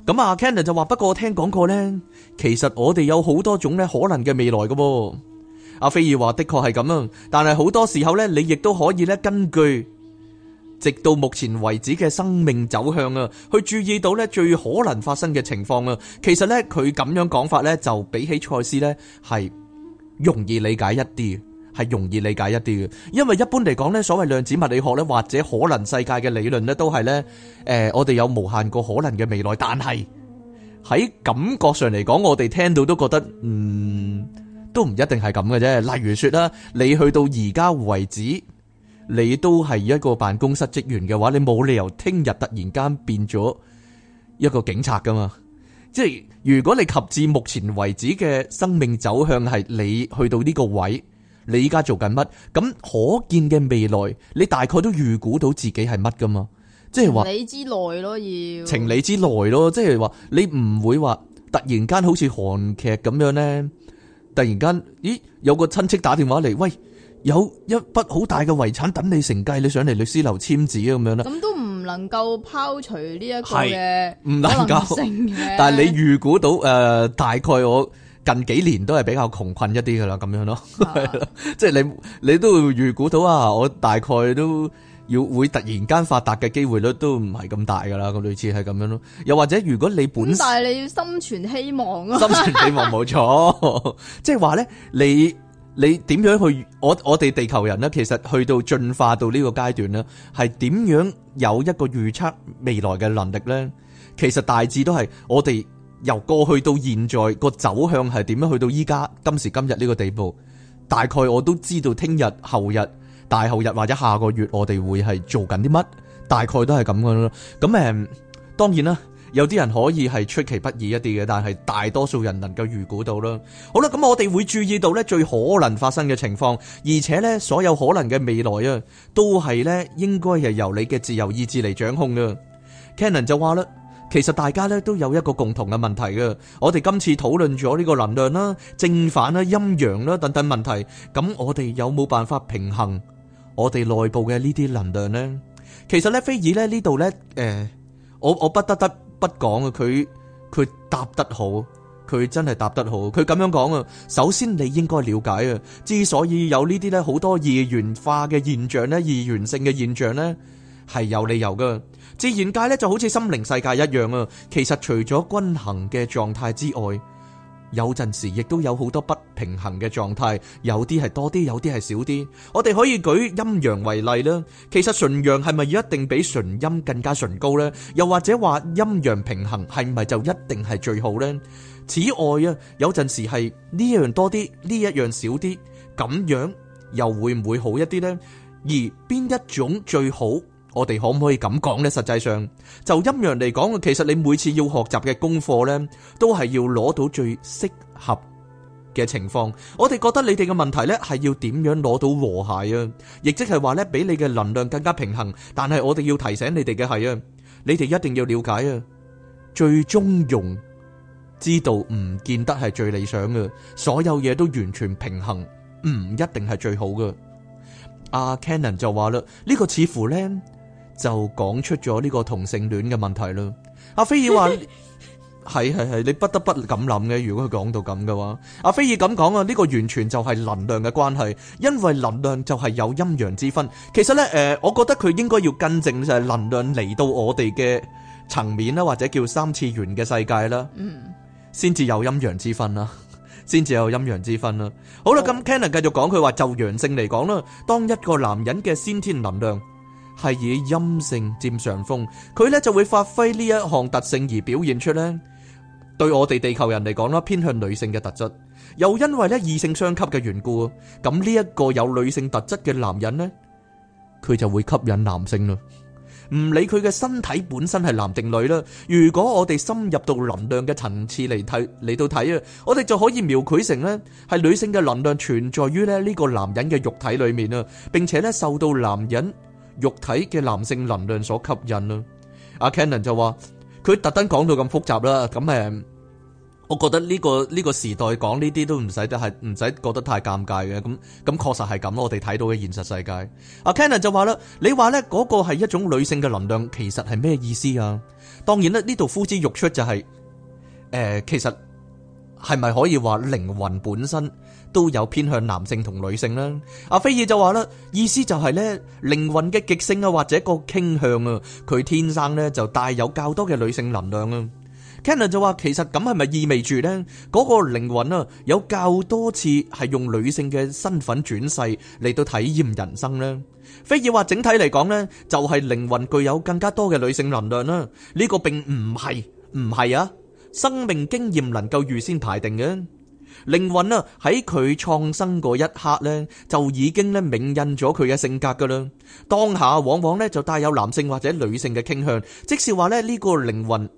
咁阿 Kenner 就話：不過我聽講過呢，其實我哋有好多種咧可能嘅未來㗎。阿菲爾話：的確係咁啊，但係好多時候呢，你亦都可以咧根據直到目前為止嘅生命走向啊，去注意到呢最可能發生嘅情況啊。其實呢，佢咁樣講法呢，就比起賽斯呢係，容易理解一啲，係容易理解一啲嘅，因為一般嚟講呢，所謂量子物理學呢，或者可能世界嘅理論呢，都係呢，誒，我哋有無限個可能嘅未來，但係喺感覺上嚟講，我哋聽到都覺得，嗯，都唔一定係咁嘅啫。例如說啦，你去到而家為止，你都係一個辦公室職員嘅話，你冇理由聽日突然間變咗一個警察㗎嘛。即係如果你及至目前為止嘅生命走向係你去到呢個位，你依家做緊乜？咁可見嘅未來，你大概都預估到自己係乜噶嘛？即係話，情理之內咯，要，要情理之內咯。即係話你唔會話突然間好似韓劇咁樣呢？突然間咦有個親戚打電話嚟，喂，有一筆好大嘅遺產等你承繼，你上嚟律師樓簽字咁樣啦。能夠拋除呢一個嘅可能性嘅，唔能夠但係你預估到誒、呃，大概我近幾年都係比較窮困一啲噶啦，咁樣咯的，即係你你都預估到啊，我大概都要會突然間發達嘅機會率都唔係咁大噶啦，咁類似係咁樣咯。又或者如果你本身，但係你要心存希望、啊，心存希望冇錯， (laughs) 即係話咧你。你點樣去？我我哋地球人呢，其實去到進化到呢個階段呢，係點樣有一個預測未來嘅能力呢？其實大致都係我哋由過去到現在個走向係點樣去到依家、今時今日呢個地步，大概我都知道聽日、後日、大後日或者下個月我哋會係做緊啲乜，大概都係咁樣咯。咁誒、嗯，當然啦。有啲人可以係出其不意一啲嘅，但係大多數人能夠預估到啦。好啦，咁我哋會注意到呢，最可能發生嘅情況，而且呢所有可能嘅未來啊，都係呢應該係由你嘅自由意志嚟掌控嘅。Cannon 就話啦，其實大家呢都有一個共同嘅問題嘅。我哋今次討論咗呢個能量啦、正反啦、陰陽啦等等問題，咁我哋有冇辦法平衡我哋內部嘅呢啲能量呢？其實呢，菲爾呢呢度呢，誒，我我不得得。不講啊，佢佢答得好，佢真係答得好。佢咁樣講啊，首先你應該了解啊，之所以有呢啲咧好多二元化嘅現象咧，二元性嘅現象咧係有理由噶。自然界咧就好似心靈世界一樣啊，其實除咗均衡嘅狀態之外，有陣時亦都有好多不平衡嘅狀態，有啲係多啲，有啲係少啲。我哋可以舉陰陽為例啦。其實純陽係咪一定比純陰更加純高呢？又或者話陰陽平衡係咪就一定係最好呢？此外啊，有陣時係呢樣多啲，呢一樣少啲，咁樣又會唔會好一啲呢？而邊一種最好？我哋可唔可以咁講呢？實際上，就陰陽嚟講，其實你每次要學習嘅功課呢，都係要攞到最適合嘅情況。我哋覺得你哋嘅問題呢，係要點樣攞到和諧啊？亦即係話呢，俾你嘅能量更加平衡。但係我哋要提醒你哋嘅係啊，你哋一定要了解啊，最中庸知道唔見得係最理想嘅，所有嘢都完全平衡唔一定係最好嘅。阿、啊、Canon 就話啦，呢、這個似乎呢。就講出咗呢個同性戀嘅問題啦。阿菲爾話：係係係，你不得不咁諗嘅。如果佢講到咁嘅話，阿菲爾咁講啊，呢個完全就係能量嘅關係，因為能量就係有陰陽之分。其實呢，誒，我覺得佢應該要更正就係能量嚟到我哋嘅層面啦，或者叫三次元嘅世界啦，嗯，先至有陰陽之分啦，先至有陰陽之分啦。好啦，咁 Cannon 繼續講，佢話就陽性嚟講啦，當一個男人嘅先天能量。係以陰性占上風，佢咧，就會發揮呢一項特性而表現出咧，對我哋地球人嚟講啦，偏向女性嘅特質。又因為咧，異性相吸嘅緣故，咁呢一個有女性特質嘅男人咧，佢就會吸引男性啦。唔理佢嘅身體本身係男定女啦，如果我哋深入到能量嘅層次嚟睇嚟到睇啊，我哋就可以描繪成咧，係女性嘅能量存在於咧呢個男人嘅肉體裏面啊，並且咧受到男人。肉體嘅男性能量所吸引咯，阿 Cannon 就話：佢特登講到咁複雜啦，咁誒，我覺得呢個呢個時代講呢啲都唔使得係，唔使覺得太尷尬嘅。咁咁確實係咁咯，我哋睇到嘅現實世界。阿 Cannon 就話啦：你話咧嗰個係一種女性嘅能量，其實係咩意思啊？當然咧，呢度呼之欲出就係誒呃，其實係咪可以話靈魂本身？都有偏向男性同女性啦。阿菲爾就話啦，意思就係咧，靈魂嘅極性啊，或者個傾向啊，佢天生呢就帶有較多嘅女性能量啊。Cannon 就話，其實咁係咪意味住呢嗰個靈魂啊，有較多次係用女性嘅身份轉世嚟到體驗人生呢？菲爾話，整體嚟講呢，就係、是、靈魂具有更加多嘅女性能量啦。呢、這個並唔係唔係啊，生命經驗能夠預先排定嘅。靈魂啊，喺佢創生嗰一刻呢，就已經咧銘印咗佢嘅性格噶啦。當下往往呢，就帶有男性或者女性嘅傾向，即係話呢，呢個靈魂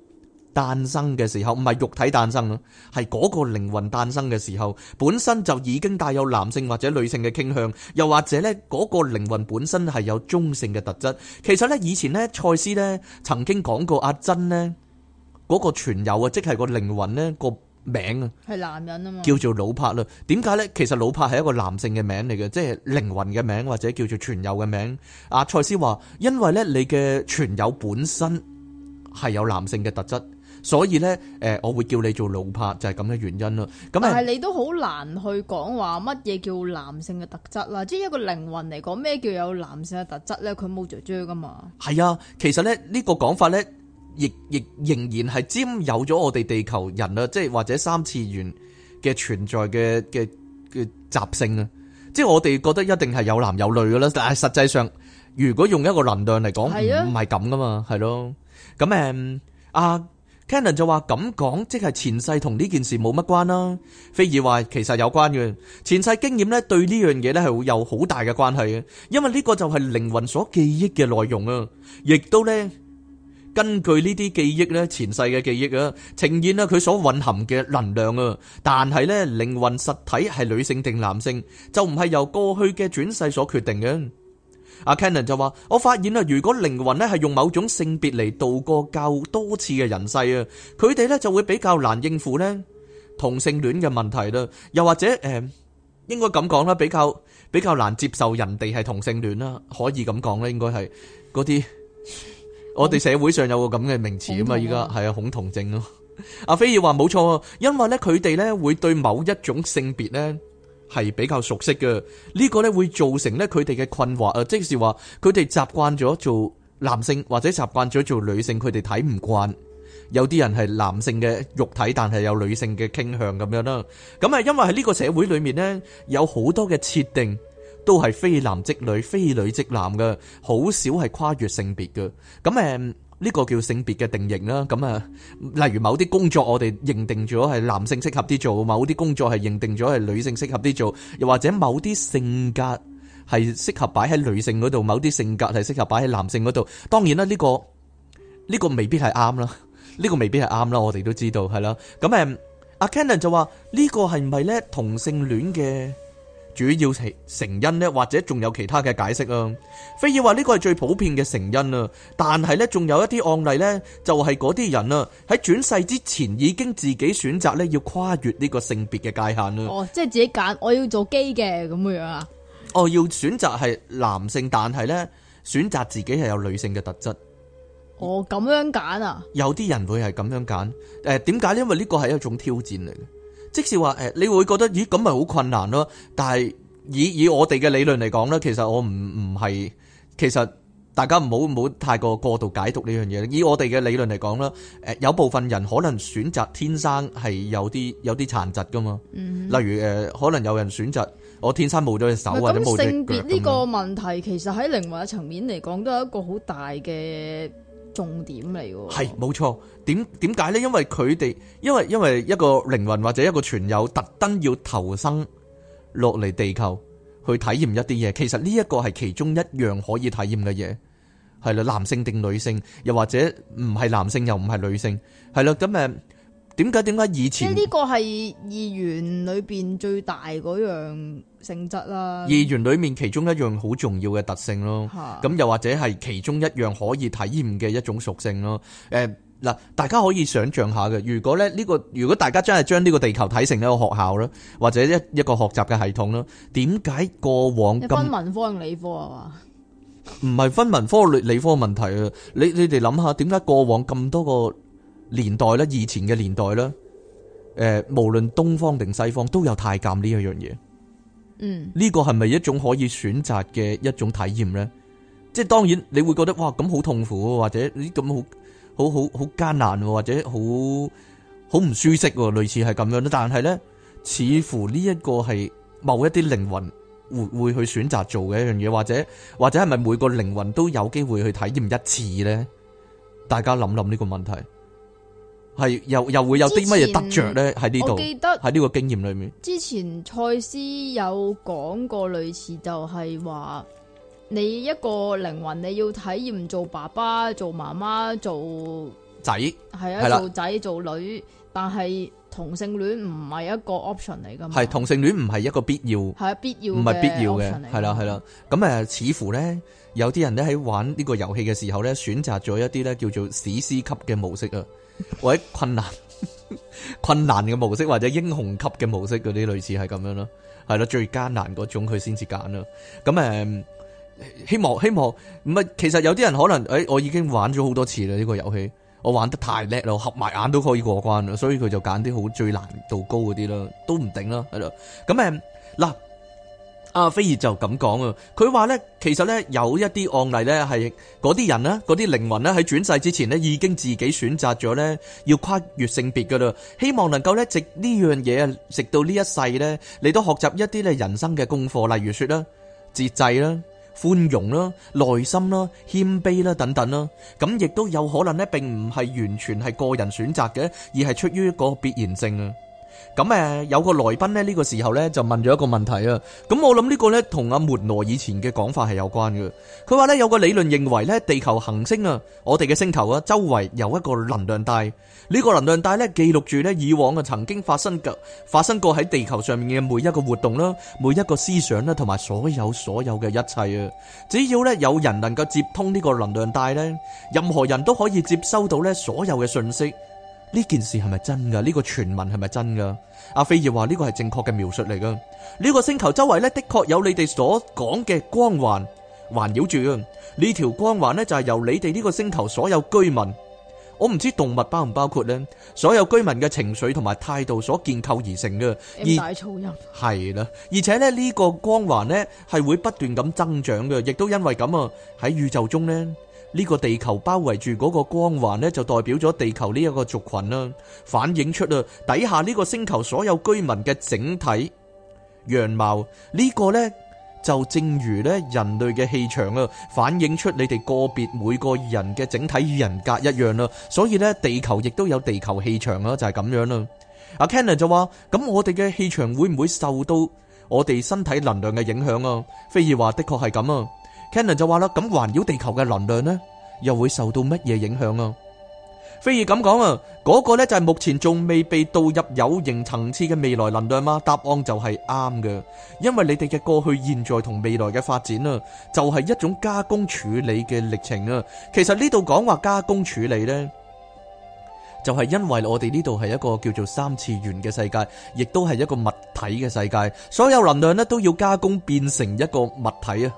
誕生嘅時候唔係肉體誕生咯，係嗰個靈魂誕生嘅時候，本身就已經帶有男性或者女性嘅傾向，又或者呢，嗰個靈魂本身係有中性嘅特質。其實呢，以前呢，賽斯呢曾經講過阿珍呢，嗰個存有啊，即係個靈魂呢。個。名啊，係男人啊嘛，叫做老帕啦。點解咧？其實老帕係一個男性嘅名嚟嘅，即係靈魂嘅名或者叫做傳友嘅名。阿蔡思話，因為咧你嘅傳友本身係有男性嘅特質，所以咧誒、呃、我會叫你做老帕就係咁嘅原因啦。咁但係你都好難去講話乜嘢叫男性嘅特質啦，即係一個靈魂嚟講咩叫有男性嘅特質咧？佢冇雀雀噶嘛？係啊，其實咧呢、這個講法咧。亦亦仍然係佔有咗我哋地球人啦，即係或者三次元嘅存在嘅嘅嘅習性啊！即係我哋覺得一定係有男有女噶啦，但係實際上，如果用一個能量嚟講，唔係咁噶嘛，係咯？咁誒，阿 Cannon 就話咁講，即係前世同呢件事冇乜關啦。菲爾話其實有關嘅前世經驗咧，對呢樣嘢咧係會有好大嘅關係嘅，因為呢個就係靈魂所記憶嘅內容啊，亦都咧。根據呢啲記憶咧，前世嘅記憶啊，呈現啦佢所蘊含嘅能量啊。但係咧，靈魂實體係女性定男性，就唔係由過去嘅轉世所決定嘅。阿 Ken 就話，我發現啊，如果靈魂咧係用某種性別嚟度過較多次嘅人世啊，佢哋咧就會比較難應付咧同性戀嘅問題啦。又或者，誒，應該咁講啦，比較比較難接受人哋係同性戀啦，可以咁講啦，應該係嗰啲。我哋社會上有個咁嘅名詞啊嘛，依家係啊恐同症咯。 (laughs) 阿飛爾話冇錯，因為咧佢哋咧會對某一種性別咧係比較熟悉嘅，呢個咧會造成咧佢哋嘅困惑啊，即是話佢哋習慣咗做男性或者習慣咗做女性，佢哋睇唔慣。有啲人係男性嘅肉體，但係有女性嘅傾向咁樣啦。咁啊，因為喺呢個社會裏面咧，有好多嘅設定。都係非男即女，非女即男嘅，好少係跨越性別嘅。咁誒，呢個叫性別嘅定型啦。咁啊，例如某啲工作我哋認定咗係男性適合啲做，某啲工作係認定咗係女性適合啲做，又或者某啲性格係適合擺喺女性嗰度，某啲性格係適合擺喺男性嗰度。當然啦，呢個呢個未必係啱啦，呢個未必係啱啦，我哋都知道係啦。咁誒，阿 Cannon 就話呢個係唔係呢同性戀嘅？主要係成因呢，或者仲有其他嘅解釋啊？菲爾話呢個係最普遍嘅成因啊。但係呢，仲有一啲案例呢，就係嗰啲人啊，喺轉世之前已經自己選擇呢，要跨越呢個性別嘅界限啦。哦，即係自己揀，我要做基嘅咁嘅樣啊。哦，要選擇係男性，但係呢，選擇自己係有女性嘅特質。哦，咁樣揀啊？有啲人會係咁樣揀，誒，點解？因為呢個係一種挑戰嚟嘅。即使話，誒，你會覺得咦，咁咪好困難咯？但係以以我哋嘅理論嚟講咧，其實我唔唔係，其實大家唔好唔好太過過度解讀呢樣嘢。以我哋嘅理論嚟講啦，誒有部分人可能選擇天生係有啲有啲殘疾噶嘛，嗯、例如誒、呃、可能有人選擇我天生冇咗隻手、嗯、或者冇咗。咁性別，呢個問題，樣其實喺另外一層面嚟講，都係一個好大嘅。重點嚟嘅係冇錯，點點解呢？因為佢哋因為因為一個靈魂或者一個存有特登要投生落嚟地球去體驗一啲嘢，其實呢一個係其中一樣可以體驗嘅嘢，係啦，男性定女性，又或者唔係男性又唔係女性，係啦，咁誒。點解點解以前？呢個係二元裏邊最大嗰樣性質啦。二元裏面其中一樣好重要嘅特性咯。咁的又或者係其中一樣可以體驗嘅一種屬性咯。誒、呃、嗱，大家可以想象下嘅，如果咧、這、呢個如果大家真係將呢個地球睇成一個學校啦，或者一一個學習嘅系統啦，點解過往分文科理科啊？唔係分文科理理科問題啊！你你哋諗下，點解過往咁多個？年代咧，以前嘅年代咧，誒、呃，無論東方定西方，都有太監呢一樣嘢。嗯，呢個係咪一種可以選擇嘅一種體驗咧？即係當然你會覺得哇，咁好痛苦，或者你咁好好好好艱難，或者好好唔舒適，類似係咁樣咧。但係咧，似乎呢一個係某一啲靈魂會會去選擇做嘅一樣嘢，或者或者係咪每個靈魂都有機會去體驗一次咧？大家諗諗呢個問題。係又又會有啲乜嘢得着呢？喺呢度，記得，喺呢個經驗裏面。之前賽斯有講過類似就，就係話你一個靈魂，你要體驗做爸爸、做媽媽、做仔，係子啊，做仔做女。但係同性戀唔係一個 option 嚟噶嘛，係同性戀唔係一個必要，係啊必要，唔係必要嘅，係啦係啦。咁誒、啊啊呃，似乎咧，有啲人咧喺玩呢個遊戲嘅時候咧，選擇咗一啲咧叫做史詩級嘅模式啊，或者困難 (laughs) 困難嘅模式，或者英雄級嘅模式嗰啲，類似係咁樣咯，係咯、啊、最艱難嗰種佢先至揀啦。咁誒、呃，希望希望唔係，其實有啲人可能誒、欸，我已經玩咗好多次啦呢、這個遊戲。我玩得太叻啦，我合埋眼都可以過關啦，所以佢就揀啲好最難度高嗰啲啦，都唔頂啦喺度。咁誒，嗱、嗯，阿飛兒就咁講啊，佢話咧，其實咧有一啲案例咧係嗰啲人呢，嗰啲靈魂咧喺轉世之前呢，已經自己選擇咗咧要跨越性別噶啦，希望能夠咧直呢樣嘢啊，直到呢一世咧，你都學習一啲咧人生嘅功課，例如說啦，節制啦。寬容啦、耐心啦、謙卑啦等等啦，咁亦都有可能咧，並唔係完全係個人選擇嘅，而係出於一個必然性啊。咁誒、嗯，有個來賓呢，呢個時候呢，就問咗一個問題啊。咁我諗呢個呢，同阿門羅以前嘅講法係有關嘅。佢話呢，有個理論認為呢，地球行星啊，我哋嘅星球啊，周圍有一個能量帶。呢、這個能量帶呢，記錄住呢以往啊曾經發生嘅發生過喺地球上面嘅每一個活動啦，每一個思想啦，同埋所有所有嘅一切啊。只要呢，有人能夠接通呢個能量帶呢，任何人都可以接收到呢所有嘅信息。呢件事係咪真噶？呢個傳聞係咪真噶？阿菲爾話呢個係正確嘅描述嚟噶。呢個星球周圍呢，的確有你哋所講嘅光環環繞住，呢條光環呢，就係由你哋呢個星球所有居民，我唔知動物包唔包括呢，所有居民嘅情緒同埋態度所建構而成噶。而大噪音係啦，而且呢，呢個光環呢，係會不斷咁增長噶，亦都因為咁啊，喺宇宙中呢。呢個地球包圍住嗰個光環呢，就代表咗地球呢一個族群啦，啊，反映出啊底下呢個星球所有居民嘅整體樣貌。呢，這個呢，就正如呢人類嘅氣場啊，反映出你哋個別每個人嘅整體人格一樣啦，啊。所以呢，地球亦都有地球氣場啊，就係、是、咁樣啦，啊。阿 Kenner 就話：「咁我哋嘅氣場會唔會受到我哋身體能量嘅影響啊？菲爾話：的確係咁啊。Cannon 就話啦，咁環繞地球嘅能量呢，又會受到乜嘢影響啊？菲爾咁講啊，嗰個呢就係目前仲未被導入有形層次嘅未來能量嗎？答案就係啱嘅，因為你哋嘅過去、現在同未來嘅發展啊，就係一種加工處理嘅歷程啊。其實呢度講話加工處理呢，就係因為我哋呢度係一個叫做三次元嘅世界，亦都係一個物體嘅世界，所有能量呢都要加工變成一個物體啊。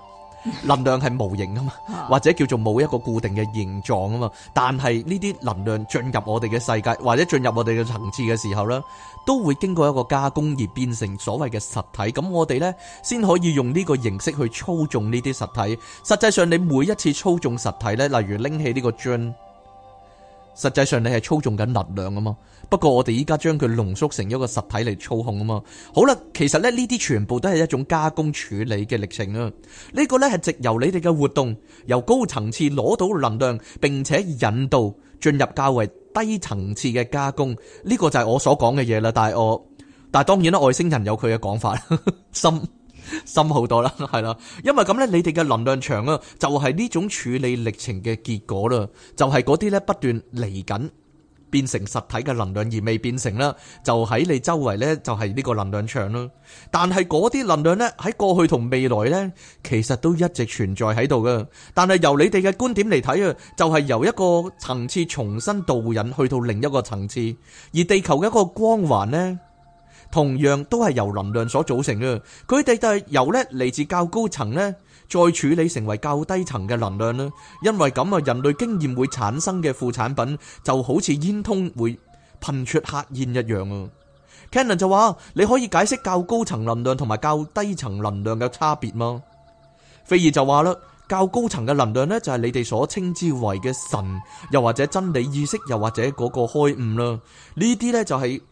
能量係無形啊嘛，或者叫做冇一個固定嘅形狀啊嘛，但係呢啲能量進入我哋嘅世界或者進入我哋嘅層次嘅時候呢都會經過一個加工而變成所謂嘅實體，咁我哋呢先可以用呢個形式去操縱呢啲實體。實際上你每一次操縱實體呢，例如拎起呢個樽，實際上你係操縱緊能量啊嘛。不過我哋依家將佢濃縮成一個實體嚟操控啊嘛，好啦，其實咧呢啲全部都係一種加工處理嘅歷程啦。這個、呢個咧藉由你哋嘅活動，由高層次攞到能量，並且引導進入較為低層次嘅加工。呢、這個就係我所講嘅嘢啦。但係我，但係當然啦，外星人有佢嘅講法， (laughs) 深深好多啦，係啦。因為咁咧，你哋嘅能量場啊，就係呢種處理歷程嘅結果啦，就係嗰啲呢不斷嚟緊，變成實體嘅能量而未變成啦，就喺你周圍呢，就係呢個能量場啦。但係嗰啲能量呢，喺過去同未來呢，其實都一直存在喺度噶。但係由你哋嘅觀點嚟睇啊，就係由一個層次重新導引去到另一個層次，而地球嘅一個光環呢，同樣都係由能量所組成啊。佢哋就係由呢嚟自較高層呢。再處理成為較低層嘅能量啦，因為咁啊，人類經驗會產生嘅副產品，就好似煙通會噴出黑煙一樣啊。Cannon 就話：你可以解釋較高層能量同埋較低層能量嘅差別嗎？菲爾就話啦：較高層嘅能量呢，就係你哋所稱之為嘅神，又或者真理意識，又或者嗰個開悟啦。呢啲呢，就係、是。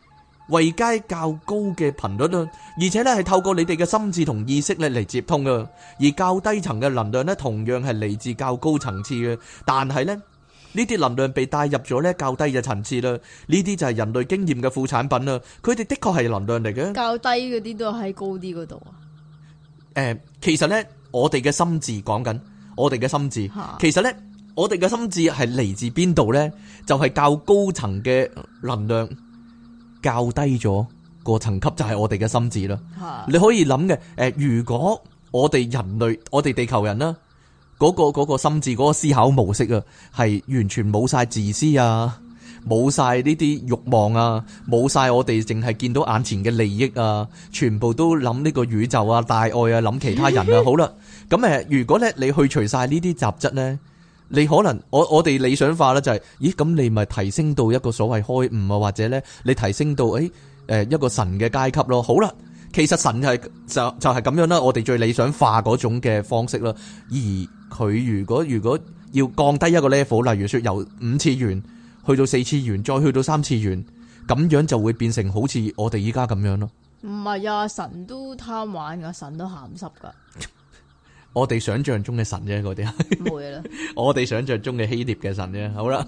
為階較高嘅頻率啦，而且咧係透過你哋嘅心智同意識咧嚟接通噶，而較低層嘅能量咧同樣係嚟自較高層次嘅，但係咧呢啲能量被帶入咗咧較低嘅層次啦，呢啲就係人類經驗嘅副產品啦，佢哋的確係能量嚟嘅。較低嗰啲都喺高啲嗰度啊？誒、呃，其實咧，我哋嘅心智講緊我哋嘅心智，其實咧，我哋嘅心智係嚟自邊度咧？就係、是、較高層嘅能量。較低咗個層級就係、係、我哋嘅心智啦。 (music) 你可以諗嘅，誒，如果我哋人類，我哋地球人啦，嗰、嗰個、嗰個心智，嗰、嗰個思考模式啊，係完全冇晒自私啊，冇晒呢啲欲望啊，冇晒我哋淨係見到眼前嘅利益啊，全部都諗呢個宇宙啊、大愛啊、諗其他人啊， (music) 好啦，咁誒，如果咧你去除晒呢啲雜質咧？你可能我我哋理想化咧，就係，咦咁你咪提升到一個所謂開悟啊，或者呢，你提升到誒誒一個神嘅階級咯，好啦，其實神係就就係咁樣啦，我哋最理想化嗰種嘅方式啦，而佢如果如果要降低一個 level，例如說由五次元去到四次元，再去到三次元，咁樣就會變成好似我哋依家咁樣咯。唔係啊，神都貪玩噶，神都鹹濕噶。我哋想象中嘅神啫，嗰啲啊， (laughs) 我哋想象中嘅希臘嘅神啫。好啦， (laughs)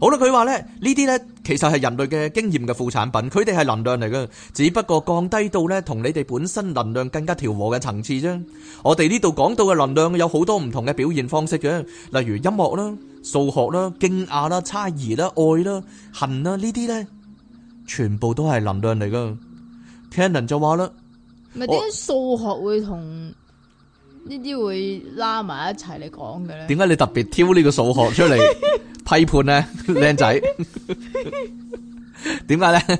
好啦，佢話咧呢啲咧，其實係人類嘅經驗嘅副產品，佢哋係能量嚟噶，只不過降低到咧同你哋本身能量更加調和嘅層次啫。我哋呢度講到嘅能量有好多唔同嘅表現方式嘅，例如音樂啦、數學啦、驚訝啦、差異啦、愛啦、恨啦呢啲咧，全部都係能量嚟噶。Cannon 就話啦，點解數學會同呢啲會拉埋一齊嚟講嘅咧？點解你特別挑呢個數學出嚟批判咧，靚仔？ (laughs) (laughs) 點解咧？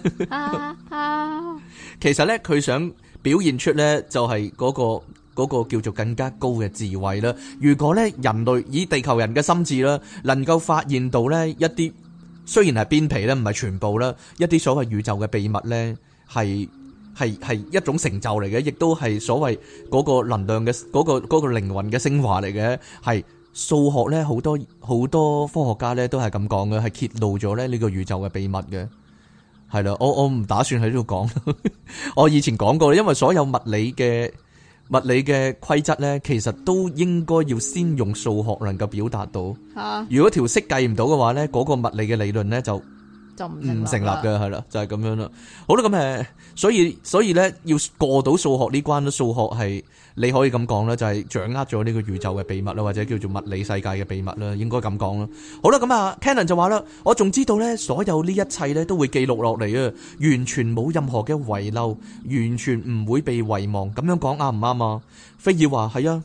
其實咧，佢想表現出咧、嗰個，就係嗰個個叫做更加高嘅智慧啦。如果咧，人類以地球人嘅心智啦，能夠發現到咧一啲，雖然係邊皮咧，唔係全部啦，一啲所謂宇宙嘅秘密咧，係。係係一種成就嚟嘅，亦都係所謂嗰個能量嘅嗰個嗰個靈魂嘅昇華嚟嘅。係數學咧，好多好多科學家咧都係咁講嘅，係揭露咗咧呢個宇宙嘅秘密嘅。係啦，我我唔打算喺呢度講。我以前講過，因為所有物理嘅物理嘅規則咧，其實都應該要先用數學能夠表達到。吓，如果條式計唔到嘅話咧，嗰個物理嘅理論咧就。唔成立嘅，係 (noise) 啦，就係、是、咁樣啦。好啦，咁、嗯、誒，所以所以咧，要過到數學呢關，數學係你可以咁講啦，就係、是、掌握咗呢個宇宙嘅秘密啦，或者叫做物理世界嘅秘密啦，應該咁講啦。好啦，咁、嗯、啊，Cannon 就話啦，我仲知道咧，所有呢一切咧都會記錄落嚟啊，完全冇任何嘅遺漏，完全唔會被遺忘。咁樣講啱唔啱啊？菲爾話係啊。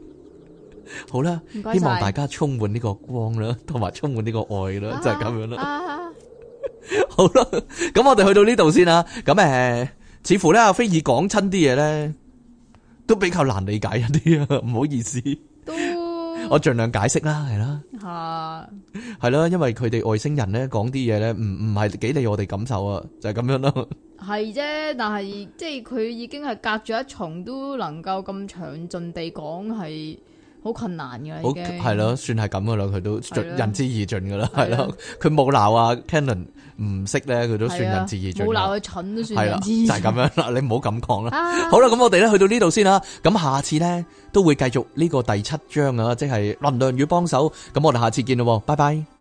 好啦，謝謝，希望大家充滿呢個光啦，同埋充滿呢個愛啦，啊、就係咁樣啦。啊、 (laughs) 好啦，咁我哋去到呢度先啦。咁誒、呃，似乎咧阿菲爾講親啲嘢咧，都比較難理解一啲啊。唔好意思，都 (laughs) 我盡量解釋啦，係啦，係、啊、 (laughs) 啦，因為佢哋外星人咧講啲嘢咧，唔唔係幾理我哋感受啊，就係、係、咁樣咯。係啫，但係即係佢已經係隔住一重都能夠咁詳盡地講係。好困難㗎，已經係咯，算係咁嘅啦。佢都盡人之以盡㗎啦，係咯。佢冇鬧啊，Canon 唔識咧，佢都算人之以盡。冇鬧佢蠢都算。係啦，就係咁樣啦。你唔好咁講啦。好啦，咁我哋咧去到呢度先啦。咁下次咧都會繼續呢個第七章啊，即係能量與幫手。咁我哋下次見咯，拜拜。